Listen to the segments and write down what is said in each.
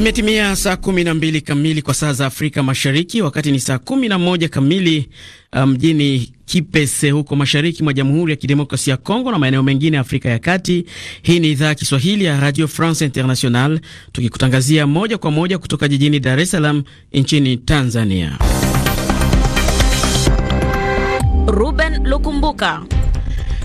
Imetimia saa 12 kamili kwa saa za Afrika Mashariki, wakati ni saa moja kamili uh, mjini um, Kipese huko mashariki mwa Jamhuri ya kidemokrasi ya Kongo na maeneo mengine ya Afrika ya Kati. Hii ni idhaa ya Kiswahili ya Radio France International, tukikutangazia moja kwa moja kutoka jijini Dar es Salaam nchini Tanzania. Ruben Lukumbuka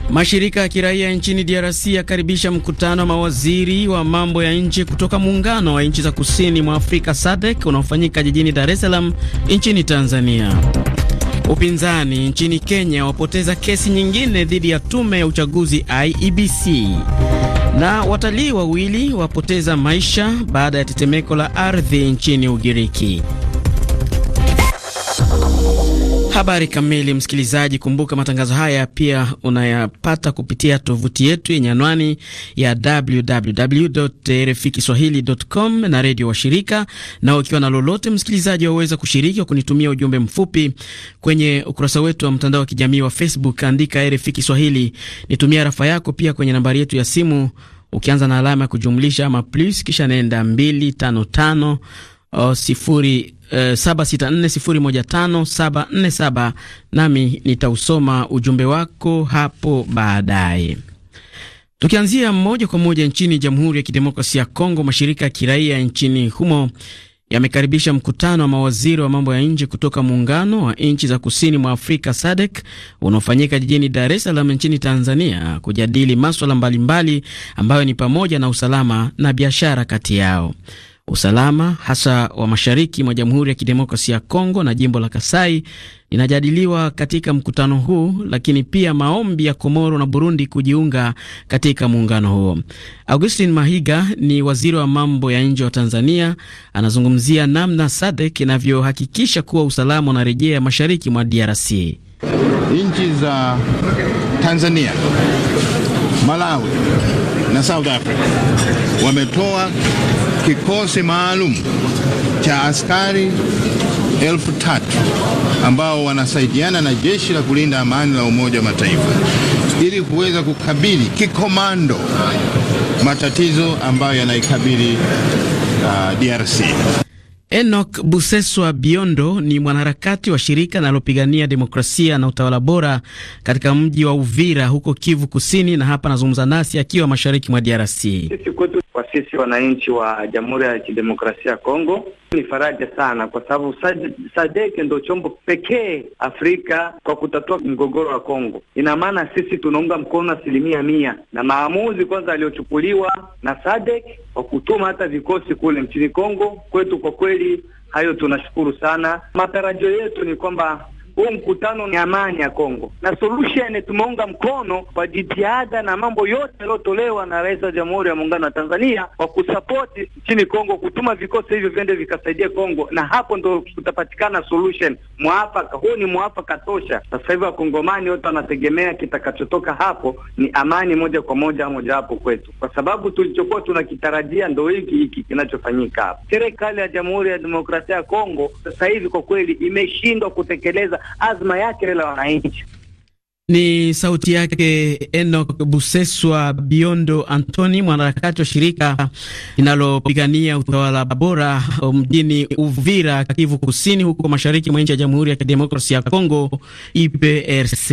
Mashirika ya kiraia nchini DRC yakaribisha mkutano wa mawaziri wa mambo ya nje kutoka muungano wa nchi za kusini mwa Afrika SADC unaofanyika jijini Dar es Salaam nchini Tanzania. Upinzani nchini Kenya wapoteza kesi nyingine dhidi ya tume ya uchaguzi IEBC, na watalii wawili wapoteza maisha baada ya tetemeko la ardhi nchini Ugiriki. Habari kamili, msikilizaji, kumbuka matangazo haya pia unayapata kupitia tovuti yetu yenye anwani ya www.rfikiswahili.com na redio washirika. Na ukiwa na lolote, msikilizaji, waweza kushiriki wa kunitumia ujumbe mfupi kwenye ukurasa wetu wa mtandao wa kijamii wa Facebook, andika RFI Kiswahili. Nitumia rafa yako pia kwenye nambari yetu ya simu ukianza na alama ya kujumlisha ama plus, kisha nenda 255 764015747 eh, nami nitausoma ujumbe wako hapo baadaye. Tukianzia moja kwa moja nchini Jamhuri ya Kidemokrasia ya Kongo, mashirika ya kiraia nchini humo yamekaribisha mkutano wa mawaziri wa mambo ya nje kutoka muungano wa nchi za kusini mwa Afrika SADC unaofanyika jijini Dar es Salaam nchini Tanzania kujadili maswala mbalimbali ambayo ni pamoja na usalama na biashara kati yao. Usalama hasa wa mashariki mwa Jamhuri ya Kidemokrasia ya Kongo na jimbo la Kasai inajadiliwa katika mkutano huu, lakini pia maombi ya Komoro na Burundi kujiunga katika muungano huo. Augustin Mahiga ni waziri wa mambo ya nje wa Tanzania, anazungumzia namna SADC inavyohakikisha kuwa usalama unarejea mashariki mwa DRC. Nchi za Tanzania, Malawi na South Africa wametoa kikosi maalum cha askari elfu tatu ambao wanasaidiana na jeshi la kulinda amani la Umoja wa Mataifa ili kuweza kukabili kikomando matatizo ambayo yanaikabili uh, DRC. Enoch Buseswa Biondo ni mwanaharakati wa shirika linalopigania demokrasia na utawala bora katika mji wa Uvira huko Kivu Kusini, na hapa anazungumza nasi akiwa mashariki mwa DRC. Sisi kwetu, kwa sisi wananchi wa Jamhuri ya Kidemokrasia ya Kongo ni faraja sana, kwa sababu Sadeke ndio chombo pekee Afrika kwa kutatua mgogoro wa Kongo. Ina maana sisi tunaunga mkono asilimia mia na maamuzi kwanza aliyochukuliwa na Sadeke wa kutuma hata vikosi kule nchini Kongo kwetu. Kwa kweli hayo tunashukuru sana. Matarajio yetu ni kwamba huu mkutano ni amani ya Kongo na solution. Tumeunga mkono kwa jitihada na mambo yote yaliyotolewa na Rais wa Jamhuri ya Muungano wa Tanzania kwa kusapoti nchini Kongo, kutuma vikosi hivyo viende vikasaidia Kongo, na hapo ndo kutapatikana solution mwafaka. Huu ni mwafaka tosha. Sasa hivi wakongomani wote wanategemea kitakachotoka hapo ni amani moja kwa moja moja hapo kwetu, kwa sababu tulichokuwa tunakitarajia ndo hiki hiki kinachofanyika hapa. Serikali ya Jamhuri ya Demokrasia ya Kongo sasa hivi kwa kweli imeshindwa kutekeleza azma yake la wananchi. Ni sauti yake Enoch Buseswa Biondo Antoni, mwanaharakati wa shirika linalopigania utawala bora mjini Uvira, Kivu Kusini, huko mashariki mwa nchi ya Jamhuri ya Kidemokrasia ya Kongo, IPRC.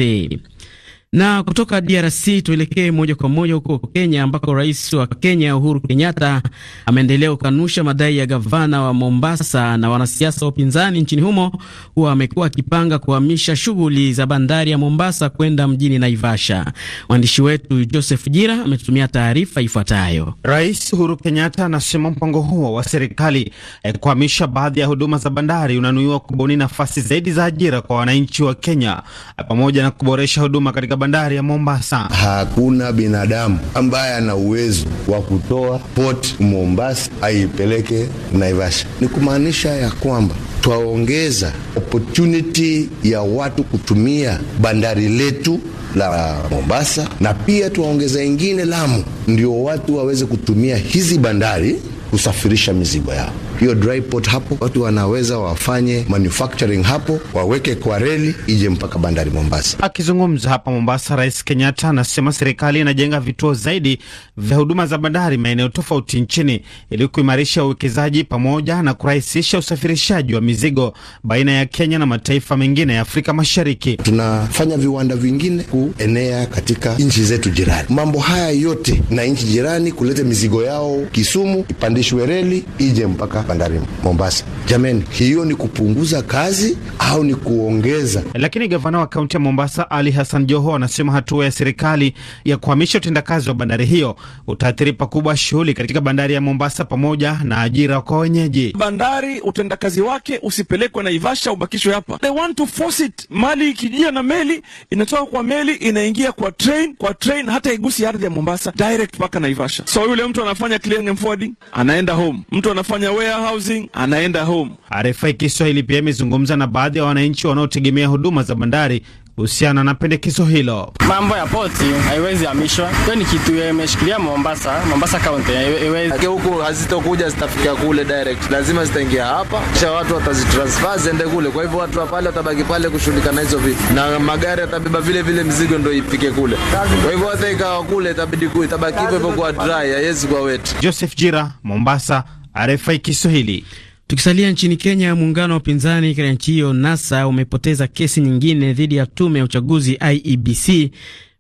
Na kutoka DRC tuelekee moja kwa moja huko Kenya, ambako rais wa Kenya Uhuru Kenyatta ameendelea kukanusha madai ya gavana wa Mombasa na wanasiasa wa upinzani nchini humo kuwa amekuwa akipanga kuhamisha shughuli za bandari ya Mombasa kwenda mjini Naivasha. Mwandishi wetu Joseph Jira ametutumia taarifa ifuatayo. Rais Uhuru Kenyatta anasema mpango huo wa serikali eh, kuhamisha baadhi ya huduma za bandari unanuiwa kubuni nafasi zaidi za ajira kwa wananchi wa Kenya eh, pamoja na kuboresha huduma katika bandari ya Mombasa. Hakuna binadamu ambaye ana uwezo wa kutoa port Mombasa aipeleke Naivasha. Ni kumaanisha ya kwamba twaongeza opportunity ya watu kutumia bandari letu la Mombasa na pia tuwaongeza ingine Lamu, ndio watu waweze kutumia hizi bandari kusafirisha mizigo yao hiyo dry port hapo, watu wanaweza wafanye manufacturing hapo, waweke kwa reli ije mpaka bandari Mombasa. Akizungumza hapa Mombasa, Rais Kenyatta anasema serikali inajenga vituo zaidi vya huduma za bandari maeneo tofauti nchini ili kuimarisha uwekezaji pamoja na kurahisisha usafirishaji wa mizigo baina ya Kenya na mataifa mengine ya Afrika Mashariki. Tunafanya viwanda vingine kuenea katika nchi zetu jirani. Mambo haya yote na nchi jirani kuleta mizigo yao Kisumu, ipandishwe reli ije mpaka bandari Mombasa. Jameni, hiyo ni kupunguza kazi au ni kuongeza? Lakini gavana wa kaunti ya Mombasa Ali Hassan Joho anasema hatua ya serikali ya kuhamisha utendakazi wa bandari hiyo utaathiri pakubwa shughuli katika bandari ya Mombasa pamoja na ajira kwa wenyeji. Bandari utendakazi wake usipelekwe Naivasha, ubakishwe hapa. They want to force it. Mali ikijia na meli inatoka kwa meli inaingia kwa train, kwa train hata igusi ardhi ya Mombasa direct mpaka Naivasha. So yule mtu anafanya clearing and forwarding anaenda home, mtu anafanya wea housing anaenda home. RFI Kiswahili pia imezungumza na baadhi ya wananchi wanaotegemea huduma za bandari kuhusiana na pendekezo hilo. Mambo ya poti haiwezi hamishwa, hiyo ni kitu imeshikilia Mombasa, Mombasa County haiwezi huku, hazitokuja zitafikia kule direct, lazima zitaingia hapa, kisha watu watazitransfer ziende kule. Kwa hivyo watu wa pale watabaki pale kushughulika na hizo vitu, na magari yatabeba vile vile mzigo ndio ipike kule. Kwa hivyo hata ikawa kule itabidi itabaki hivyo kwa dry, haiwezi kwa wet. Joseph Jira, Mombasa. RFI Kiswahili. Tukisalia nchini Kenya, muungano wa upinzani katika nchi hiyo NASA umepoteza kesi nyingine dhidi ya tume ya uchaguzi IEBC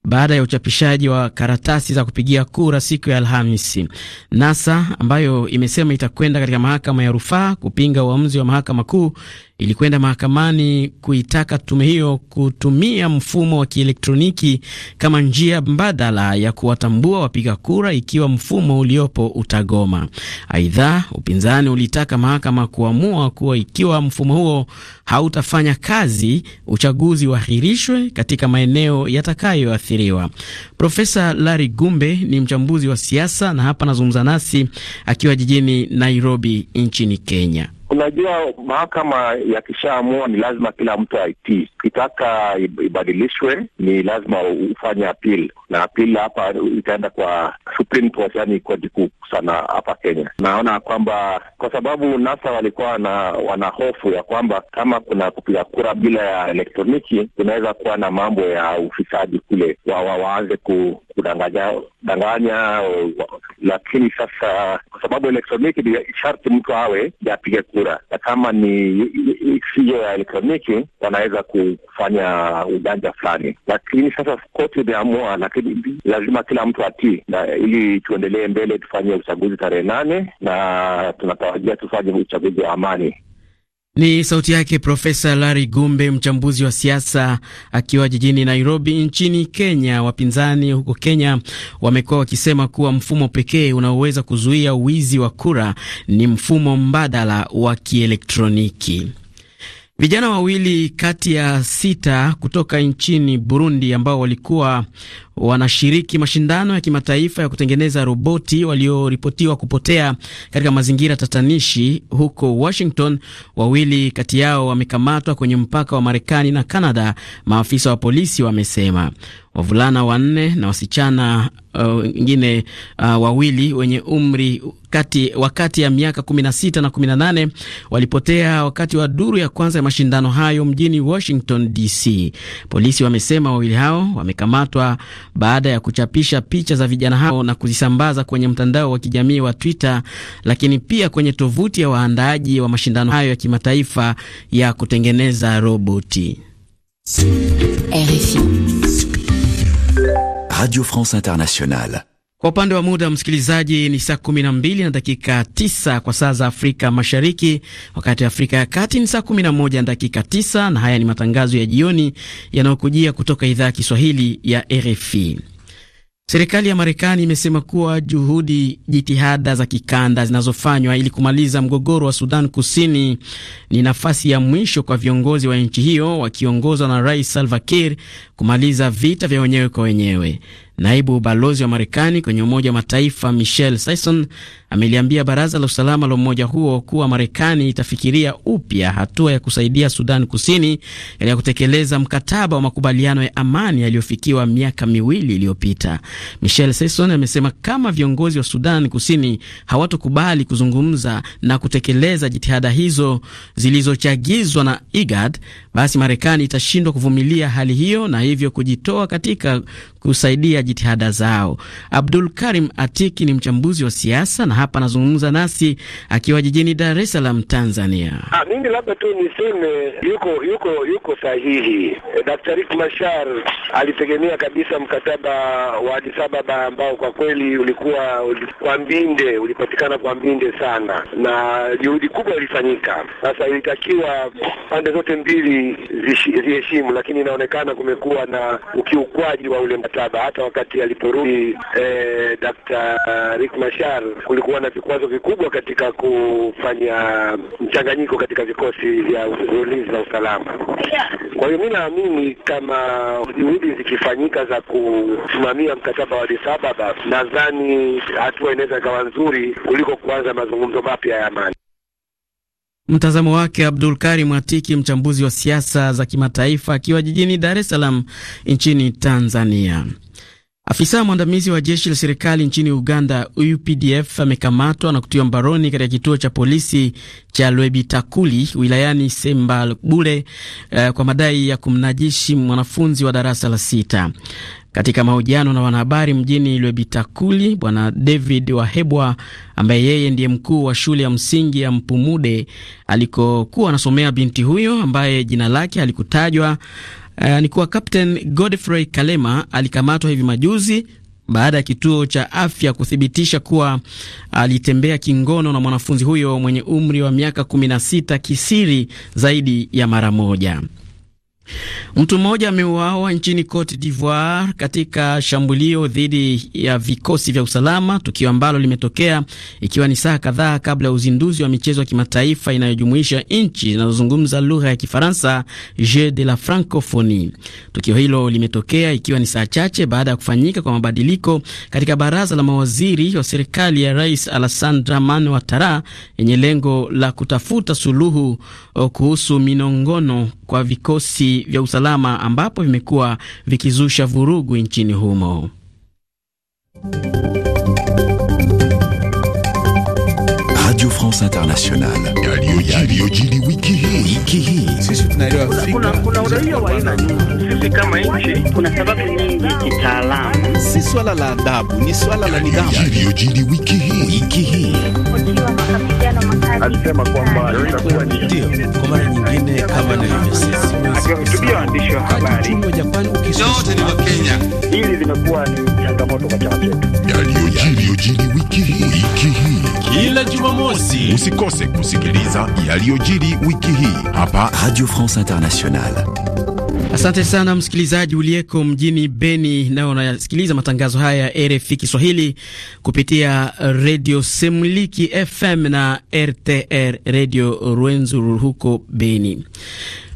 baada ya uchapishaji wa karatasi za kupigia kura siku ya Alhamisi. NASA ambayo imesema itakwenda katika mahakama ya rufaa kupinga uamuzi wa mahakama kuu ilikwenda mahakamani kuitaka tume hiyo kutumia mfumo wa kielektroniki kama njia mbadala ya kuwatambua wapiga kura ikiwa mfumo uliopo utagoma. Aidha, upinzani ulitaka mahakama kuamua kuwa ikiwa mfumo huo hautafanya kazi, uchaguzi uahirishwe katika maeneo yatakayoathiriwa. Profesa Larry Gumbe ni mchambuzi wa siasa na hapa anazungumza nasi akiwa jijini Nairobi nchini Kenya. Unajua, mahakama yakishaamua ni lazima kila mtu aitii. Ukitaka ibadilishwe ni lazima ufanye appeal, na appeal hapa itaenda kwa Supreme Court, yani koti kuu sana hapa Kenya. Naona kwamba kwa sababu NASA walikuwa na wana hofu ya kwamba kama kuna kupiga kura bila ya elektroniki kunaweza kuwa na mambo ya ufisadi kule, wa waanze kudanganya danganya lakini sasa kwa sababu elektroniki sharti mtu awe apige kura, na kama ni siyo ya elektroniki wanaweza kufanya ujanja fulani, lakini sasa koti imeamua, lakini lazima kila mtu atii, na ili tuendelee mbele tufanye uchaguzi tarehe nane, na tunatarajia tufanye uchaguzi wa amani. Ni sauti yake Profesa Larry Gumbe, mchambuzi wa siasa akiwa jijini Nairobi nchini Kenya. Wapinzani huko Kenya wamekuwa wakisema kuwa mfumo pekee unaoweza kuzuia wizi wa kura ni mfumo mbadala wa kielektroniki. Vijana wawili kati ya sita kutoka nchini Burundi ambao walikuwa wanashiriki mashindano ya kimataifa ya kutengeneza roboti walioripotiwa kupotea katika mazingira tatanishi huko Washington. Wawili kati yao wamekamatwa kwenye mpaka wa Marekani na Kanada, maafisa wa polisi wamesema. Wavulana wanne na wasichana Eh, wengine uh, uh, wawili wenye umri kati, wakati ya miaka 16 na 18 walipotea wakati wa duru ya kwanza ya mashindano hayo mjini Washington DC. Polisi wamesema wawili hao wamekamatwa baada ya kuchapisha picha za vijana hao na kuzisambaza kwenye mtandao wa kijamii wa Twitter, lakini pia kwenye tovuti ya waandaaji wa mashindano hayo ya kimataifa ya kutengeneza roboti RFI. Radio France Internationale. Kwa upande wa muda msikilizaji, ni saa 12 na dakika 9 kwa saa za Afrika Mashariki, wakati Afrika ya Kati ni saa 11 na dakika 9. Na haya ni matangazo ya jioni yanayokujia kutoka idhaa ya Kiswahili ya RFI. Serikali ya Marekani imesema kuwa juhudi, jitihada za kikanda zinazofanywa ili kumaliza mgogoro wa Sudan Kusini ni nafasi ya mwisho kwa viongozi wa nchi hiyo wakiongozwa na Rais Salva Kiir kumaliza vita vya wenyewe kwa wenyewe. Naibu balozi wa Marekani kwenye Umoja wa Mataifa Michelle Sison ameliambia baraza la usalama la umoja huo kuwa Marekani itafikiria upya hatua ya kusaidia Sudan Kusini ya kutekeleza mkataba wa makubaliano ya amani yaliyofikiwa miaka miwili iliyopita. Michelle Sison amesema kama viongozi wa Sudan Kusini hawatokubali kuzungumza na kutekeleza jitihada hizo zilizochagizwa na IGAD, basi Marekani itashindwa kuvumilia hali hiyo na hivyo kujitoa katika kusaidia jitihada zao. Abdul Karim Atiki ni mchambuzi wa siasa na hapa anazungumza nasi akiwa jijini Dar es Salaam, Tanzania. Ha, ah, mimi labda tu niseme yuko yuko yuko sahihi. Eh, Daktari Mashar alitegemea kabisa mkataba wa Addis Ababa ambao kwa kweli ulikuwa kwa mbinde, ulipatikana kwa mbinde sana na juhudi kubwa ilifanyika. Sasa ilitakiwa pande zote mbili ziheshimu, lakini inaonekana kumekuwa na ukiukwaji wa ule mkataba. Hata wakati aliporudi eh, Dr. Riek Mashar, kulikuwa na vikwazo vikubwa katika kufanya mchanganyiko katika vikosi vya ulinzi na usalama. Kwa hiyo mi naamini kama juhudi zikifanyika za kusimamia mkataba wa Addis Ababa, nadhani hatua inaweza ikawa nzuri kuliko kuanza mazungumzo mapya ya amani. Mtazamo wake Abdul Karim Atiki, mchambuzi wa siasa za kimataifa, akiwa jijini Dar es Salaam nchini Tanzania. Afisa mwandamizi wa jeshi la serikali nchini Uganda, UPDF, amekamatwa na kutiwa mbaroni katika kituo cha polisi cha Lwebitakuli wilayani Sembabule, uh, kwa madai ya kumnajishi mwanafunzi wa darasa la sita. Katika mahojiano na wanahabari mjini Lwebitakuli, bwana David Wahebwa ambaye yeye ndiye mkuu wa shule ya msingi ya Mpumude alikokuwa anasomea binti huyo ambaye jina lake alikutajwa uh, eh, ni kuwa Captain Godfrey Kalema alikamatwa hivi majuzi baada ya kituo cha afya kuthibitisha kuwa alitembea kingono na mwanafunzi huyo mwenye umri wa miaka 16 kisiri zaidi ya mara moja. Mtu mmoja ameuawa nchini Cote d'Ivoire katika shambulio dhidi ya vikosi vya usalama, tukio ambalo limetokea ikiwa ni saa kadhaa kabla ya uzinduzi wa michezo ya kimataifa inayojumuisha nchi zinazozungumza lugha ya Kifaransa, Jeux de la Francophonie. Tukio hilo limetokea ikiwa ni saa chache baada ya kufanyika kwa mabadiliko katika baraza la mawaziri wa serikali ya Rais Alassane Dramane Ouattara yenye lengo la kutafuta suluhu oh, kuhusu minongono kwa vikosi vya usalama ambapo vimekuwa vikizusha vurugu nchini humo. Radio France Internationale. Kuna wa aina nyingi. Sisi kama nchi kuna sababu nyingi kitaalamu. Si swala la adabu, ni swala la nidhamu. Yaliyojiri wiki hii alisema kwamba ndio kwa mara nyingine kama nilivyosema, waandishi wa habari, ni Hili ni changamoto kwa chama chetu. Yaliyojiri wiki hii kila Jumamosi. Usikose kusikiliza yaliyojiri wiki hii hapa Radio France Internationale. Asante sana msikilizaji uliyeko mjini Beni na unasikiliza matangazo haya ya RFI Kiswahili kupitia radio Semliki FM na RTR radio Rwenzururu huko Beni.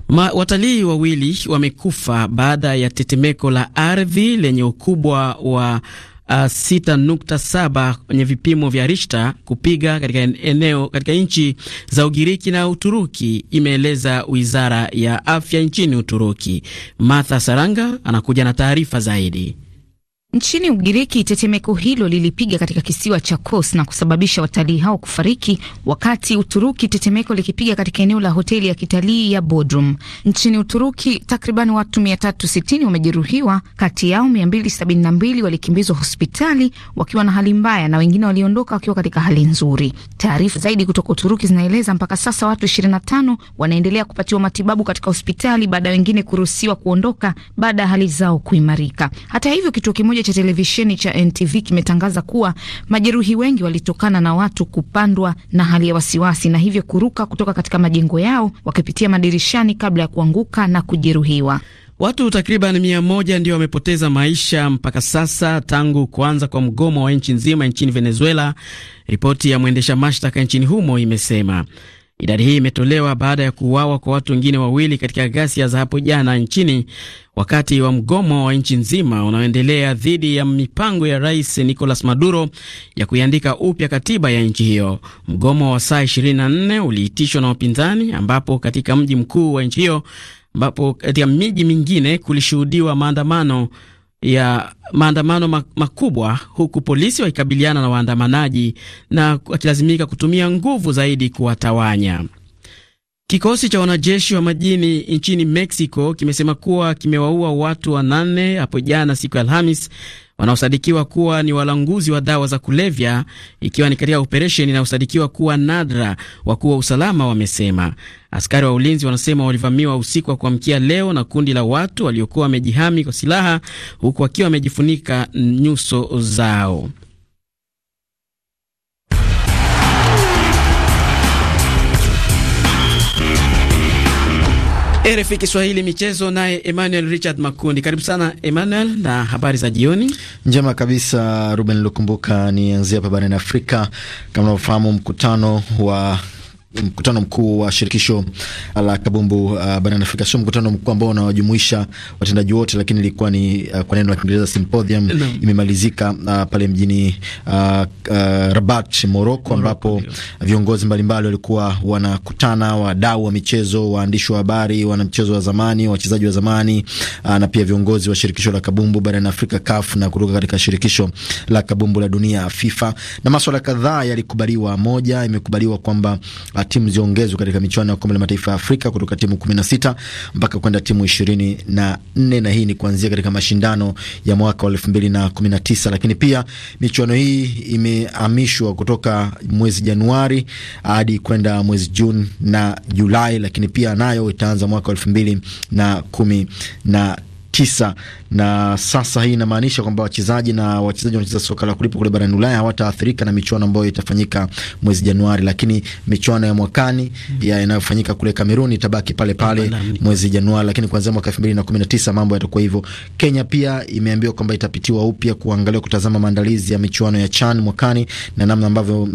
Ma, watalii wawili wamekufa baada ya tetemeko la ardhi lenye ukubwa wa uh, ah, 6.7 kwenye vipimo vya Richter kupiga katika eneo katika nchi za Ugiriki na Uturuki, imeeleza wizara ya afya nchini Uturuki. Martha Saranga anakuja na taarifa zaidi. Nchini Ugiriki, tetemeko hilo lilipiga katika kisiwa cha Kos na kusababisha watalii hao kufariki, wakati Uturuki tetemeko likipiga katika eneo la hoteli ya kitalii ya Bodrum. Nchini Uturuki, takriban watu 360 wamejeruhiwa, kati yao 272 walikimbizwa hospitali wakiwa na hali mbaya na wengine waliondoka wakiwa katika hali nzuri. Taarifa zaidi kutoka Uturuki zinaeleza mpaka sasa watu 25 wanaendelea kupatiwa matibabu katika hospitali baada ya wengine kuruhusiwa kuondoka baada ya hali zao kuimarika. Hata hivyo, kituo kimoja kimoja cha televisheni cha NTV kimetangaza kuwa majeruhi wengi walitokana na watu kupandwa na hali ya wasiwasi na hivyo kuruka kutoka katika majengo yao wakipitia madirishani kabla ya kuanguka na kujeruhiwa. Watu takriban mia moja ndio wamepoteza maisha mpaka sasa tangu kuanza kwa mgomo wa nchi nzima nchini Venezuela, ripoti ya mwendesha mashtaka nchini humo imesema. Idadi hii imetolewa baada ya kuuawa kwa watu wengine wawili katika ghasia za hapo jana nchini wakati wa mgomo wa nchi nzima unaoendelea dhidi ya mipango ya Rais Nicolas Maduro ya kuiandika upya katiba ya nchi hiyo. Mgomo wa saa 24 uliitishwa na wapinzani, ambapo katika mji mkuu wa nchi hiyo, ambapo katika miji mingine kulishuhudiwa maandamano ya maandamano makubwa huku polisi wakikabiliana na waandamanaji na wakilazimika kutumia nguvu zaidi kuwatawanya. Kikosi cha wanajeshi wa majini nchini Mexico kimesema kuwa kimewaua watu wanane hapo jana siku ya Alhamis wanaosadikiwa kuwa ni walanguzi wa dawa za kulevya, ikiwa ni katika operesheni inayosadikiwa kuwa nadra. Wakuu wa usalama wamesema askari wa ulinzi wanasema walivamiwa usiku wa kuamkia leo na kundi la watu waliokuwa wamejihami kwa silaha, huku wakiwa wamejifunika nyuso zao. RFI Kiswahili michezo, naye Emmanuel Richard Makundi. Karibu sana Emmanuel, na habari za jioni. Njema kabisa Ruben Lukumbuka. Nianzie hapa barani Afrika. Kama unavyofahamu, mkutano wa mkutano mkuu wa shirikisho la kabumbu uh, barani Afrika. Sio mkutano mkuu ambao unawajumuisha watendaji wote, lakini ilikuwa ni uh, kwa neno la Kiingereza symposium no. Imemalizika uh, pale mjini uh, uh, Rabat, Morocco, ambapo viongozi mbalimbali walikuwa wanakutana, wadau wa michezo, waandishi wa habari, wanamchezo wa zamani, wachezaji wa zamani uh, na pia viongozi wa shirikisho la kabumbu barani Afrika CAF, na kutoka katika shirikisho la kabumbu la dunia FIFA, na masuala kadhaa yalikubaliwa. Moja imekubaliwa kwamba uh, timu ziongezwe katika michuano ya kombe la mataifa ya Afrika kutoka timu 16 mpaka kwenda timu 24, na na hii ni kuanzia katika mashindano ya mwaka wa 2019. Lakini pia michuano hii imehamishwa kutoka mwezi Januari hadi kwenda mwezi Juni na Julai, lakini pia nayo itaanza mwaka wa 2019 tisa, na sasa hii inamaanisha kwamba wachezaji na wachezaji wanacheza soka la kulipa kule barani Ulaya hawataathirika na michuano ambayo itafanyika mwezi Januari, lakini michuano ya mwakani ya inayofanyika kule Kamerun itabaki pale pale mwezi Januari, lakini kuanzia mwaka 2019 mambo yatakuwa hivyo. Kenya pia imeambiwa kwamba itapitiwa upya kuangalia kutazama maandalizi ya michuano ya CHAN mwakani na namna ambavyo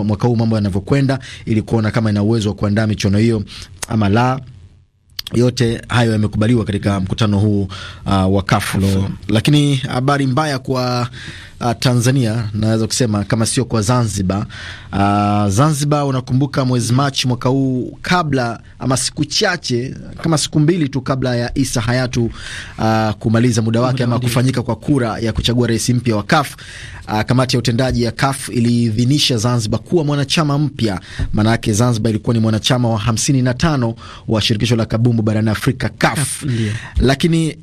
mwaka huu mambo yanavyokwenda ili kuona kama ina uwezo wa kuandaa michuano hiyo ama la yote hayo yamekubaliwa katika mkutano huu uh, wa kafu Lakini habari mbaya kwa uh, Tanzania naweza kusema kama sio kwa Zanzibar. Uh, Zanzibar, unakumbuka mwezi Machi mwaka huu, kabla ama siku chache kama siku mbili tu kabla ya Isa Hayatu uh, kumaliza muda wake ama kufanyika kwa kura ya kuchagua rais mpya wa kafu Ah, kamati ya utendaji ya CAF iliidhinisha Zanzibar kuwa mwanachama mpya. Maana yake Zanzibar ilikuwa ni mwanachama wa 55 wa shirikisho la kabumbu barani Afrika CAF. Lakini uh,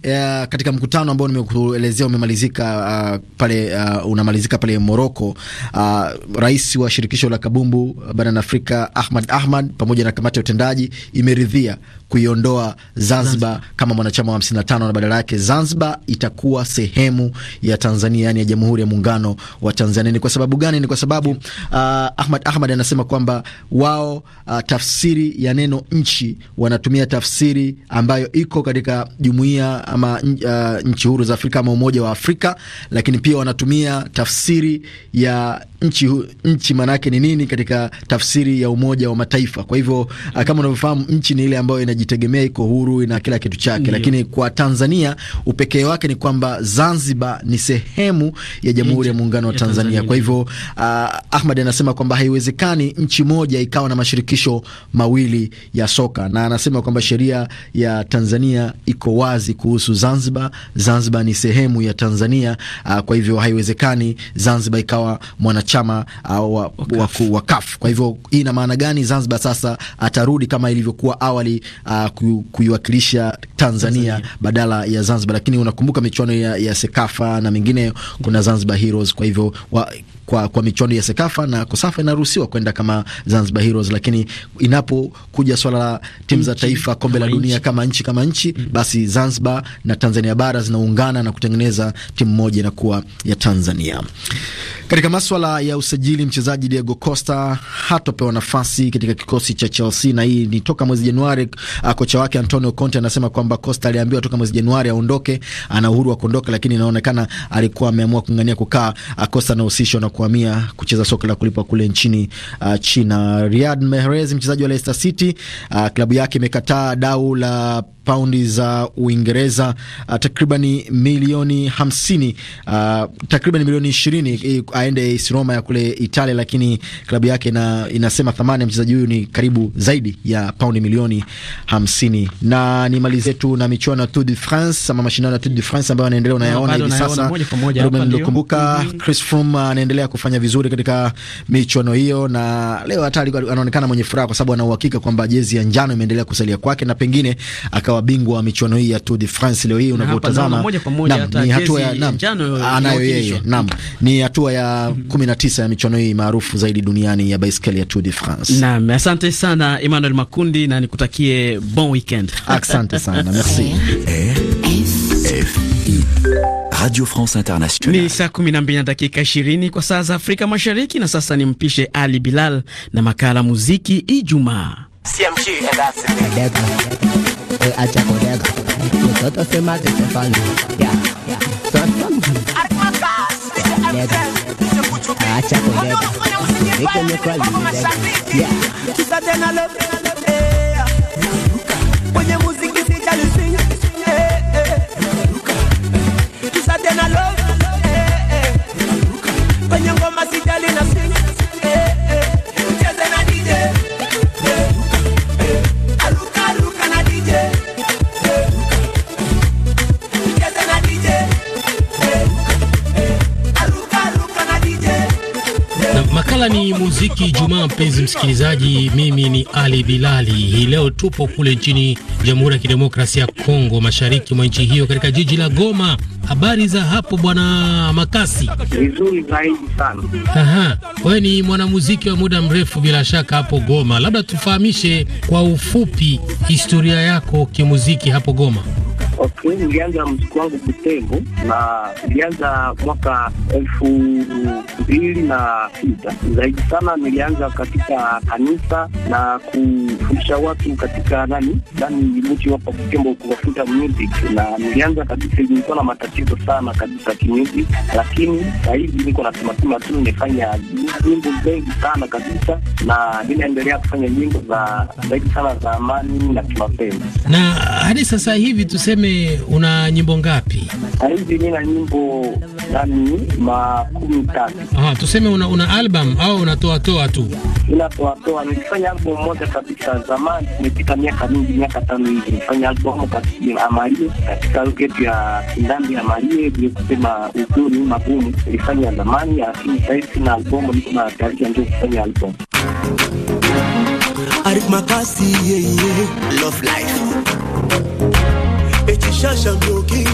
katika mkutano ambao nimekuelezea umemalizika uh, pale uh, unamalizika pale Morocco, rais wa shirikisho la kabumbu barani Afrika Ahmad Ahmad pamoja na kamati ya utendaji imeridhia kuiondoa Zanzibar kama mwanachama wa 55 na badala yake Zanzibar itakuwa sehemu ya Tanzania, yani ya Jamhuri ya Muungano wa Tanzania. Ni kwa sababu gani? Ni kwa sababu uh, Ahmad Ahmad anasema kwamba wao uh, tafsiri ya neno nchi wanatumia tafsiri ambayo iko katika jumuiya ama uh, nchi huru za Afrika ama Umoja wa Afrika, lakini pia wanatumia tafsiri ya nchi nchi maana yake ni nini katika tafsiri ya Umoja wa Mataifa. Kwa hivyo uh, kama unavyofahamu nchi ni ile ambayo ina inajitegemea, iko huru, ina kila kitu chake Ndiyo. Lakini kwa Tanzania upekee wake ni kwamba Zanzibar ni sehemu ya Jamhuri ya Muungano wa Tanzania, Tanzania. Kwa hivyo uh, Ahmad anasema kwamba haiwezekani nchi moja ikawa na mashirikisho mawili ya soka, na anasema kwamba sheria ya Tanzania iko wazi kuhusu Zanzibar. Zanzibar ni sehemu ya Tanzania uh, kwa hivyo haiwezekani Zanzibar ikawa mwanachama uh, wa, wa, wa, wa KAF. Kwa hivyo hii ina maana gani? Zanzibar sasa atarudi kama ilivyokuwa awali uh, uh, kuiwakilisha Tanzania, Tanzania badala ya Zanzibar, lakini unakumbuka michuano ya, ya Sekafa na mingine kuna Zanzibar Heroes, kwa hivyo wa, kwa, kwa michuano ya Sekafa na Kosafa inaruhusiwa kwenda kama Zanzibar Heroes, lakini inapokuja swala la timu za taifa, kombe la dunia inchi, kama nchi kama nchi mm, basi Zanzibar na Tanzania bara zinaungana na kutengeneza timu moja na kuwa ya Tanzania. Katika masuala ya usajili, mchezaji Diego Costa hatopewa nafasi katika kikosi cha Chelsea, na hii ni toka mwezi Januari. Ah, kocha wake Antonio Conte anasema kwamba Costa aliambiwa toka mwezi Januari aondoke, ana uhuru wa kuondoka, lakini inaonekana alikuwa ameamua kung'ania kukaa. Ah, Costa anahusishwa na kuhamia kucheza soka la kulipa kule nchini uh, China. Riyad Mahrez mchezaji wa Leicester City uh, klabu yake imekataa dau la paundi za Uingereza, uh, takribani milioni hamsini, uh, takribani milioni ishirini uh, aende AS Roma ya kule Italia, lakini klabu yake na, inasema thamani ya mchezaji huyu ni karibu zaidi ya paundi milioni hamsini. Na nimalizie tu na michuano ya Tour de France ama mashindano ya Tour de France ambayo anaendelea unayaona hivi sasa. Ruben Lukumbuka, mhm. Chris Froome anaendelea uh, kufanya vizuri katika michuano hiyo, na leo hata anaonekana mwenye furaha kwa sababu ana uhakika kwamba jezi ya njano imeendelea kusalia kwake na pengine akawa bingwa wa michuano hii ya Tour de France leo hii unavyotazama, ni hatua ya anayo yeye, naam, ni hatua ya 19 mhm. ya michuano hii maarufu zaidi duniani ya baiskeli ya Tour de France. Naam, asante sana Emmanuel Makundi na nikutakie bon weekend. Asante sana, merci. Radio France Internationale. Ni saa 12 na dakika ishirini kwa saa za Afrika Mashariki na sasa nimpishe Ali Bilal na makala muziki Ijumaa. CMG and that's it. Bodega, love. Eh eh. Kwenye ngoma sijalina singa. muziki Jumaa. Mpenzi msikilizaji, mimi ni Ali Bilali. Hii leo tupo kule nchini Jamhuri ya Kidemokrasia ya Kongo, mashariki mwa nchi hiyo, katika jiji la Goma. Habari za hapo bwana Makasi? Vizuri zaidi sana. Aha, wewe ni mwanamuziki wa muda mrefu bila shaka hapo Goma, labda tufahamishe kwa ufupi historia yako kimuziki hapo Goma. Okay, nilianza muziki wangu Butembo na nilianza mwaka elfu mbili na sita. Zaidi sana nilianza katika kanisa na kufundisha watu katika nani nani mji wapa Butembo kuwafuta music, na nilianza kabisa, ilikuwa na matatizo sana kabisa kimusic, lakini sahizi niko na tumatuma tu, nimefanya nyimbo zengi sana kabisa na ninaendelea kufanya nyimbo za zaidi sana za amani na kimapenzi, na hadi sasa hivi tuseme wewe una nyimbo ngapi hivi? Mimi na nyimbo nani makumi tatu. Aha, tuseme una, una album au unatoa toa tu? toa, nilifanya album moja kabisa zamani, imepita miaka mingi, miaka tano hivi. Nilifanya album katika Amalie, katika lugha ya Kindambi ya Amalie, bila kusema uzuri magumu. Nilifanya zamani, lakini sasa hivi na album niko na taarifa, ndio kufanya album Arif Makasi, yeah, yeah. Love life Shasha Bloki,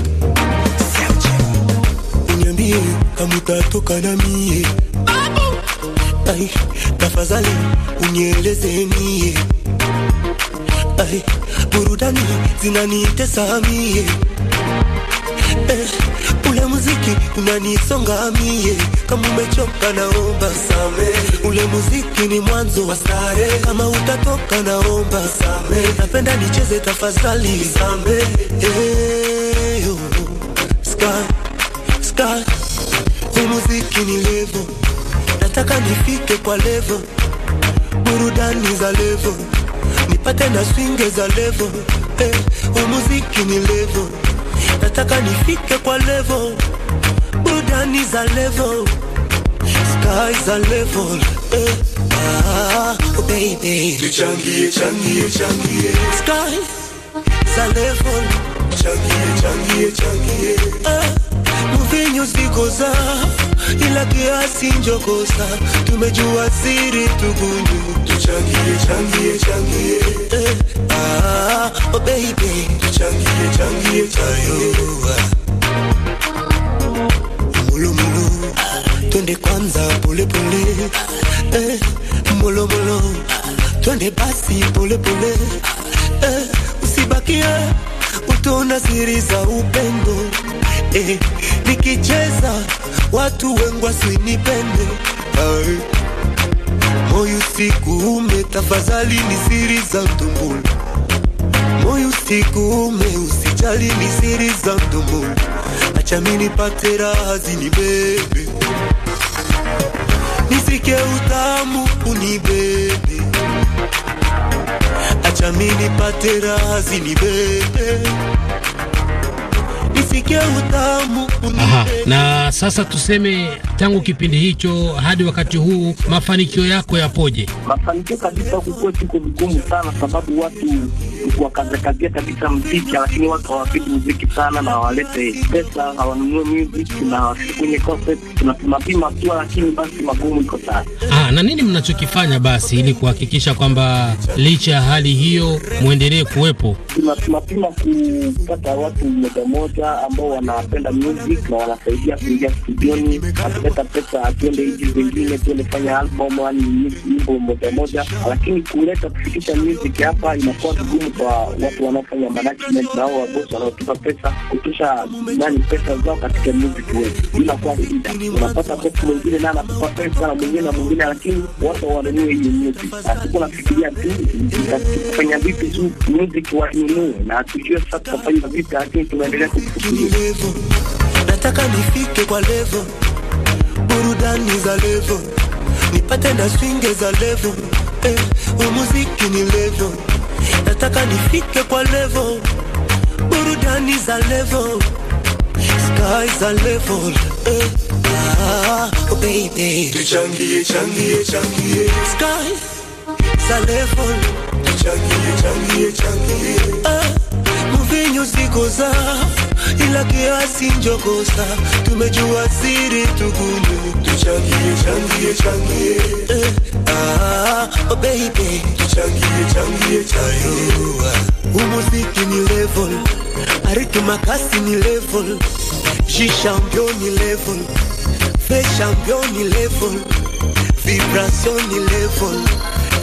uniambie kama utatoka na mie, tafadhali unieleze burudani zinanitesa mie ule muziki unanisonga mie, kama umechoka naomba same, ule muziki ni mwanzo wa stare, kama utatoka naomba same, napenda nicheze tafadhali same, hey, eh, ska ska, Ule muziki ni levo, nataka nifike kwa levo, burudani za levo, nipate na swinge za levo, hey, eh, muziki ni levo nataka nifike kwa level, burudani za level, sky za level eh, ah, oh, sky za level, changie changie eh, ila kiasi njokosa, tumejua siri tugunyu Tuchangie, changie, changie. Eh, ah, oh baby. Tuchangie, changie, changie. Mulu mulu. Twende kwanza pole pole. Eh, mulu mulu. Twende basi pole pole. Eh, usibakie utaona siri za upendo. Eh, nikicheza watu wengi wasinipende. Eh moyo usikuume, tafadhali ni siri za mtumbuli. Moyo usikuume, usijali ni siri za mtumbuli. Acha mimi nipate raha zinibebe, nisike utamu unibebe. Acha mimi nipate raha zinibebe Aha. Na sasa tuseme tangu kipindi hicho hadi wakati huu mafanikio yako yapoje? Mafanikio kabisa kukua, tuko vigumu sana sababu watu wakazakazia kabisa mziki, lakini watu hawafidi mziki sana na hawalete pesa, hawanunue music na hawafiki kwenye concert. Tunapimapima tu, lakini basi magumu iko sana. Ah, na nini mnachokifanya basi ili kuhakikisha kwamba licha ya hali hiyo mwendelee kuwepo? Tunapimapima kupata watu moja moja ambao wanapenda music na wanasaidia kuingia studioni, akileta pesa atuende nchi zingine, tuende fanya album, yani nyimbo moja moja, lakini kuleta kufikisha music hapa inakuwa vigumu kwa watu wanaofanya management na hao wabosi wanaotupa pesa kutosha nani pesa zao katika music wetu, bila kuwa ida. Unapata bosi mwingine naye anakupa pesa na mwingine na mwingine, lakini watu wanunue hiyo music. Hatuko nafikiria tu kufanya vipi tu music wanunue, na hatujue sasa tutafanya vipi, lakini tunaendelea kufikiria. Nataka nifike kwa levo, burudani za levo, nipate na swinge za level eh, umuziki ni level nataka nifike kwa level, burudani za level, sky za level eh. eh ah, oh baby, tuchangie changie changie, sky za level, tuchangie changie changie ah, mvinyo sikosa, ila kiasi njokosa, tumejua siri tukunywe, tuchangie changie changie eh, ah, oh, tuchangie changie changie umuziki ni level, ariki makasi ni level, ji ni level, fe champion ni level, vibration ni level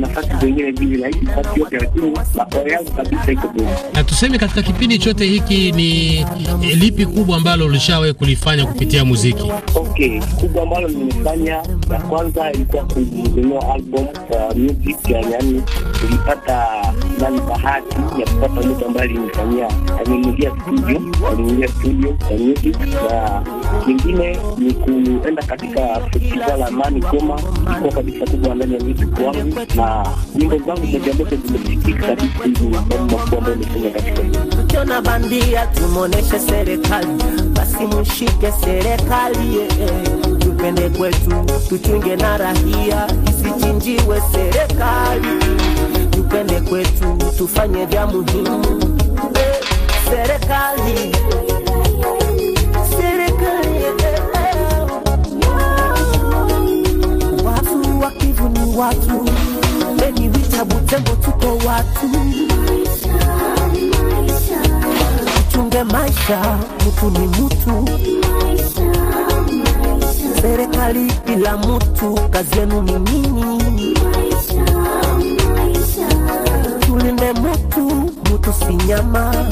nafasi zingine mbili, lakini nafasi yote ya juu yangu kabisa iko Goma. Na tuseme katika kipindi chote hiki ni eh, lipi kubwa ambalo ulishawahi kulifanya kupitia muziki? Okay, kubwa ambalo nimefanya ya kwanza ilikuwa kuzinunua album uh, music yani, nilipata nani bahati ya kupata mtu ambaye alinifanyia aliniingia studio aliniingia studio ya music na nyingine ni kuenda katika festival la Amani Goma, iko kabisa kubwa ndani ya mji wangu, na nyimbo zangu moja moja zimesikika kabisa. mambo makubwa ambayo nimefanya katika hii, tukiona bandia tumuoneshe serikali, basi mushike serikali yeah. Tupende kwetu tuchunge na rahia isichinjiwe serikali, tupende kwetu tufanye vya muhimu eh, serikali watu beni vita Butembo, tuko watu tuchunge maisha, mutu ni mutu. Serikali bila mutu, kazi yenu ni nini? Tulinde mutu, mutu si nyama.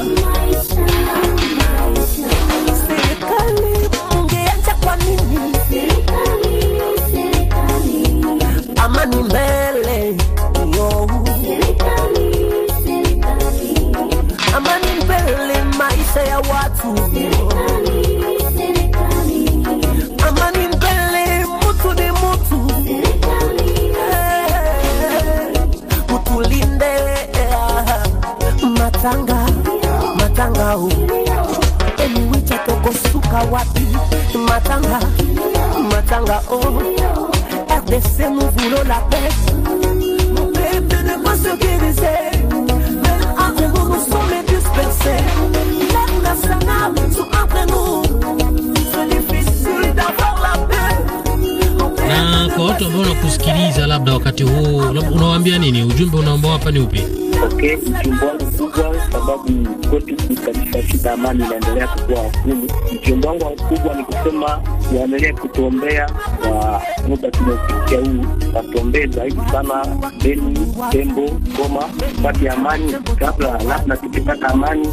amani inaendelea kukua ngumu. Mchombo wangu mkubwa ni kusema waendelee kutuombea kwa muda tunaopitia huu, watuombee zaidi sana Beni, Tembo, Goma pati amani, kabla labda tukipata amani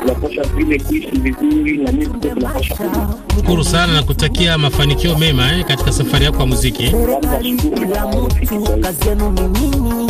tunapasha vile kuishi vizuri na mimi pia tunapasha kuishi. Shukuru sana na kutakia mafanikio mema eh, katika safari yako ya muziki. Kazi yenu ni nini?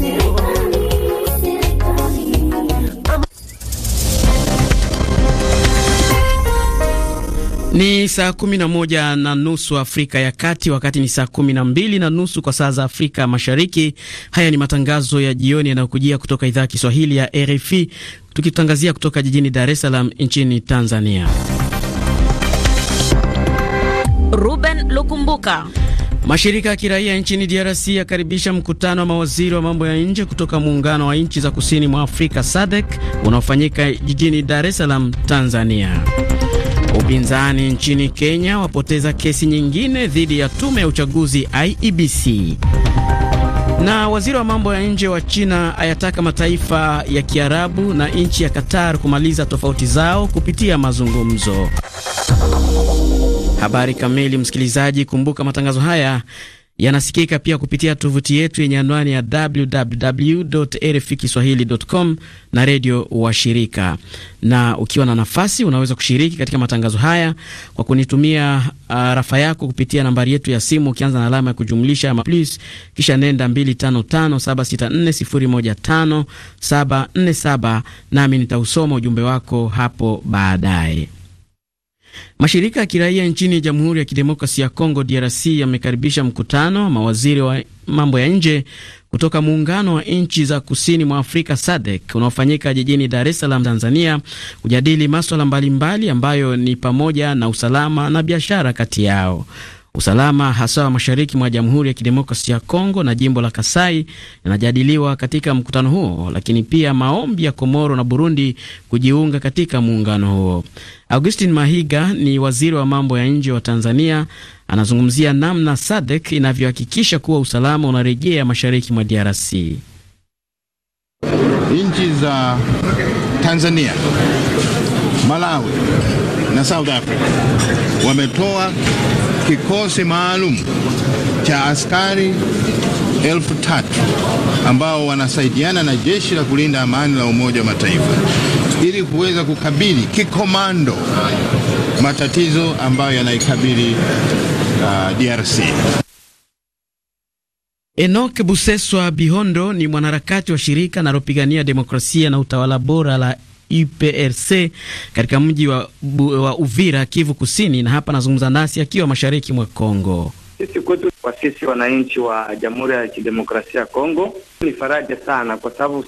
Ni saa kumi na moja na nusu Afrika ya Kati, wakati ni saa kumi na mbili na nusu kwa saa za Afrika Mashariki. Haya ni matangazo ya jioni yanayokujia kutoka idhaa ya Kiswahili ya RFI, tukitangazia kutoka jijini Dar es Salaam nchini Tanzania. Ruben Lukumbuka. Mashirika ya kiraia nchini DRC yakaribisha mkutano wa mawaziri wa mambo ya nje kutoka muungano wa nchi za kusini mwa Afrika SADC e unaofanyika jijini Dar es Salaam, Tanzania. Upinzani nchini Kenya wapoteza kesi nyingine dhidi ya tume ya uchaguzi IEBC. Na waziri wa mambo ya nje wa China ayataka mataifa ya Kiarabu na nchi ya Qatar kumaliza tofauti zao kupitia mazungumzo. Habari kamili, msikilizaji, kumbuka matangazo haya yanasikika pia kupitia tovuti yetu yenye anwani ya www RFI kiswahilicom na redio washirika. Na ukiwa na nafasi, unaweza kushiriki katika matangazo haya kwa kunitumia uh, rafa yako kupitia nambari yetu ya simu ukianza na alama ya kujumlisha plus kisha nenda 255764015747 nami nitausoma ujumbe wako hapo baadaye. Mashirika ya kiraia nchini Jamhuri ya Kidemokrasi ya Kongo DRC yamekaribisha mkutano wa mawaziri wa mambo ya nje kutoka muungano wa nchi za kusini mwa Afrika SADC unaofanyika jijini Dar es Salaam, Tanzania, kujadili maswala mbalimbali ambayo ni pamoja na usalama na biashara kati yao. Usalama hasa wa mashariki mwa Jamhuri ya kidemokrasi ya Kongo na jimbo la Kasai yanajadiliwa katika mkutano huo, lakini pia maombi ya Komoro na Burundi kujiunga katika muungano huo. Augustin Mahiga ni waziri wa mambo ya nje wa Tanzania, anazungumzia namna SADC inavyohakikisha kuwa usalama unarejea mashariki mwa DRC. Nchi za Tanzania, Malawi na South Africa wametoa kikosi maalum cha askari elfu tatu ambao wanasaidiana na jeshi la kulinda amani la Umoja wa Mataifa ili kuweza kukabili kikomando matatizo ambayo yanaikabili uh, DRC. Enoch Buseswa Bihondo ni mwanaharakati wa shirika linalopigania demokrasia na utawala bora la UPRC katika mji wa, wa Uvira, Kivu Kusini, na hapa anazungumza nasi akiwa mashariki mwa Kongo. Sisi kwetu kwa sisi wananchi wa Jamhuri ya Kidemokrasia ya Kongo ni faraja sana, kwa sababu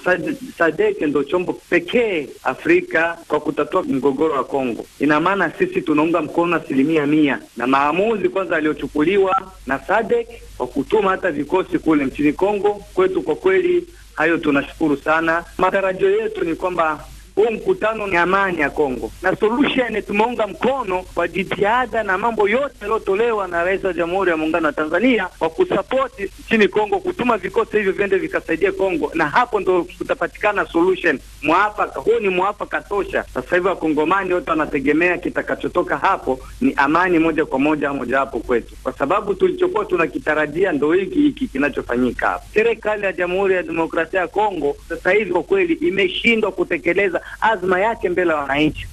SADC ndio chombo pekee Afrika kwa kutatua mgogoro wa Kongo. Ina maana sisi tunaunga mkono asilimia mia na maamuzi kwanza yaliyochukuliwa na SADC kwa kutuma hata vikosi kule nchini Kongo kwetu. Kwa kweli hayo tunashukuru sana. Matarajio yetu ni kwamba huu mkutano ni amani ya Kongo na solution. Tumeunga mkono kwa jitihada na mambo yote yaliyotolewa na Rais wa Jamhuri ya Muungano wa Tanzania kwa kusapoti nchini Kongo, kutuma vikosi hivyo vyende vikasaidia Kongo, na hapo ndo kutapatikana solution mwafaka. Huu ni mwafaka tosha. Sasa hivi wakongomani wote wanategemea kitakachotoka hapo ni amani moja kwa moja moja hapo kwetu, kwa sababu tulichokuwa tunakitarajia ndo hiki hiki kinachofanyika hapo Serikali ya Jamhuri ya Demokrasia ya Kongo sasa hivi kwa kweli imeshindwa kutekeleza azma yake mbele ya wananchi.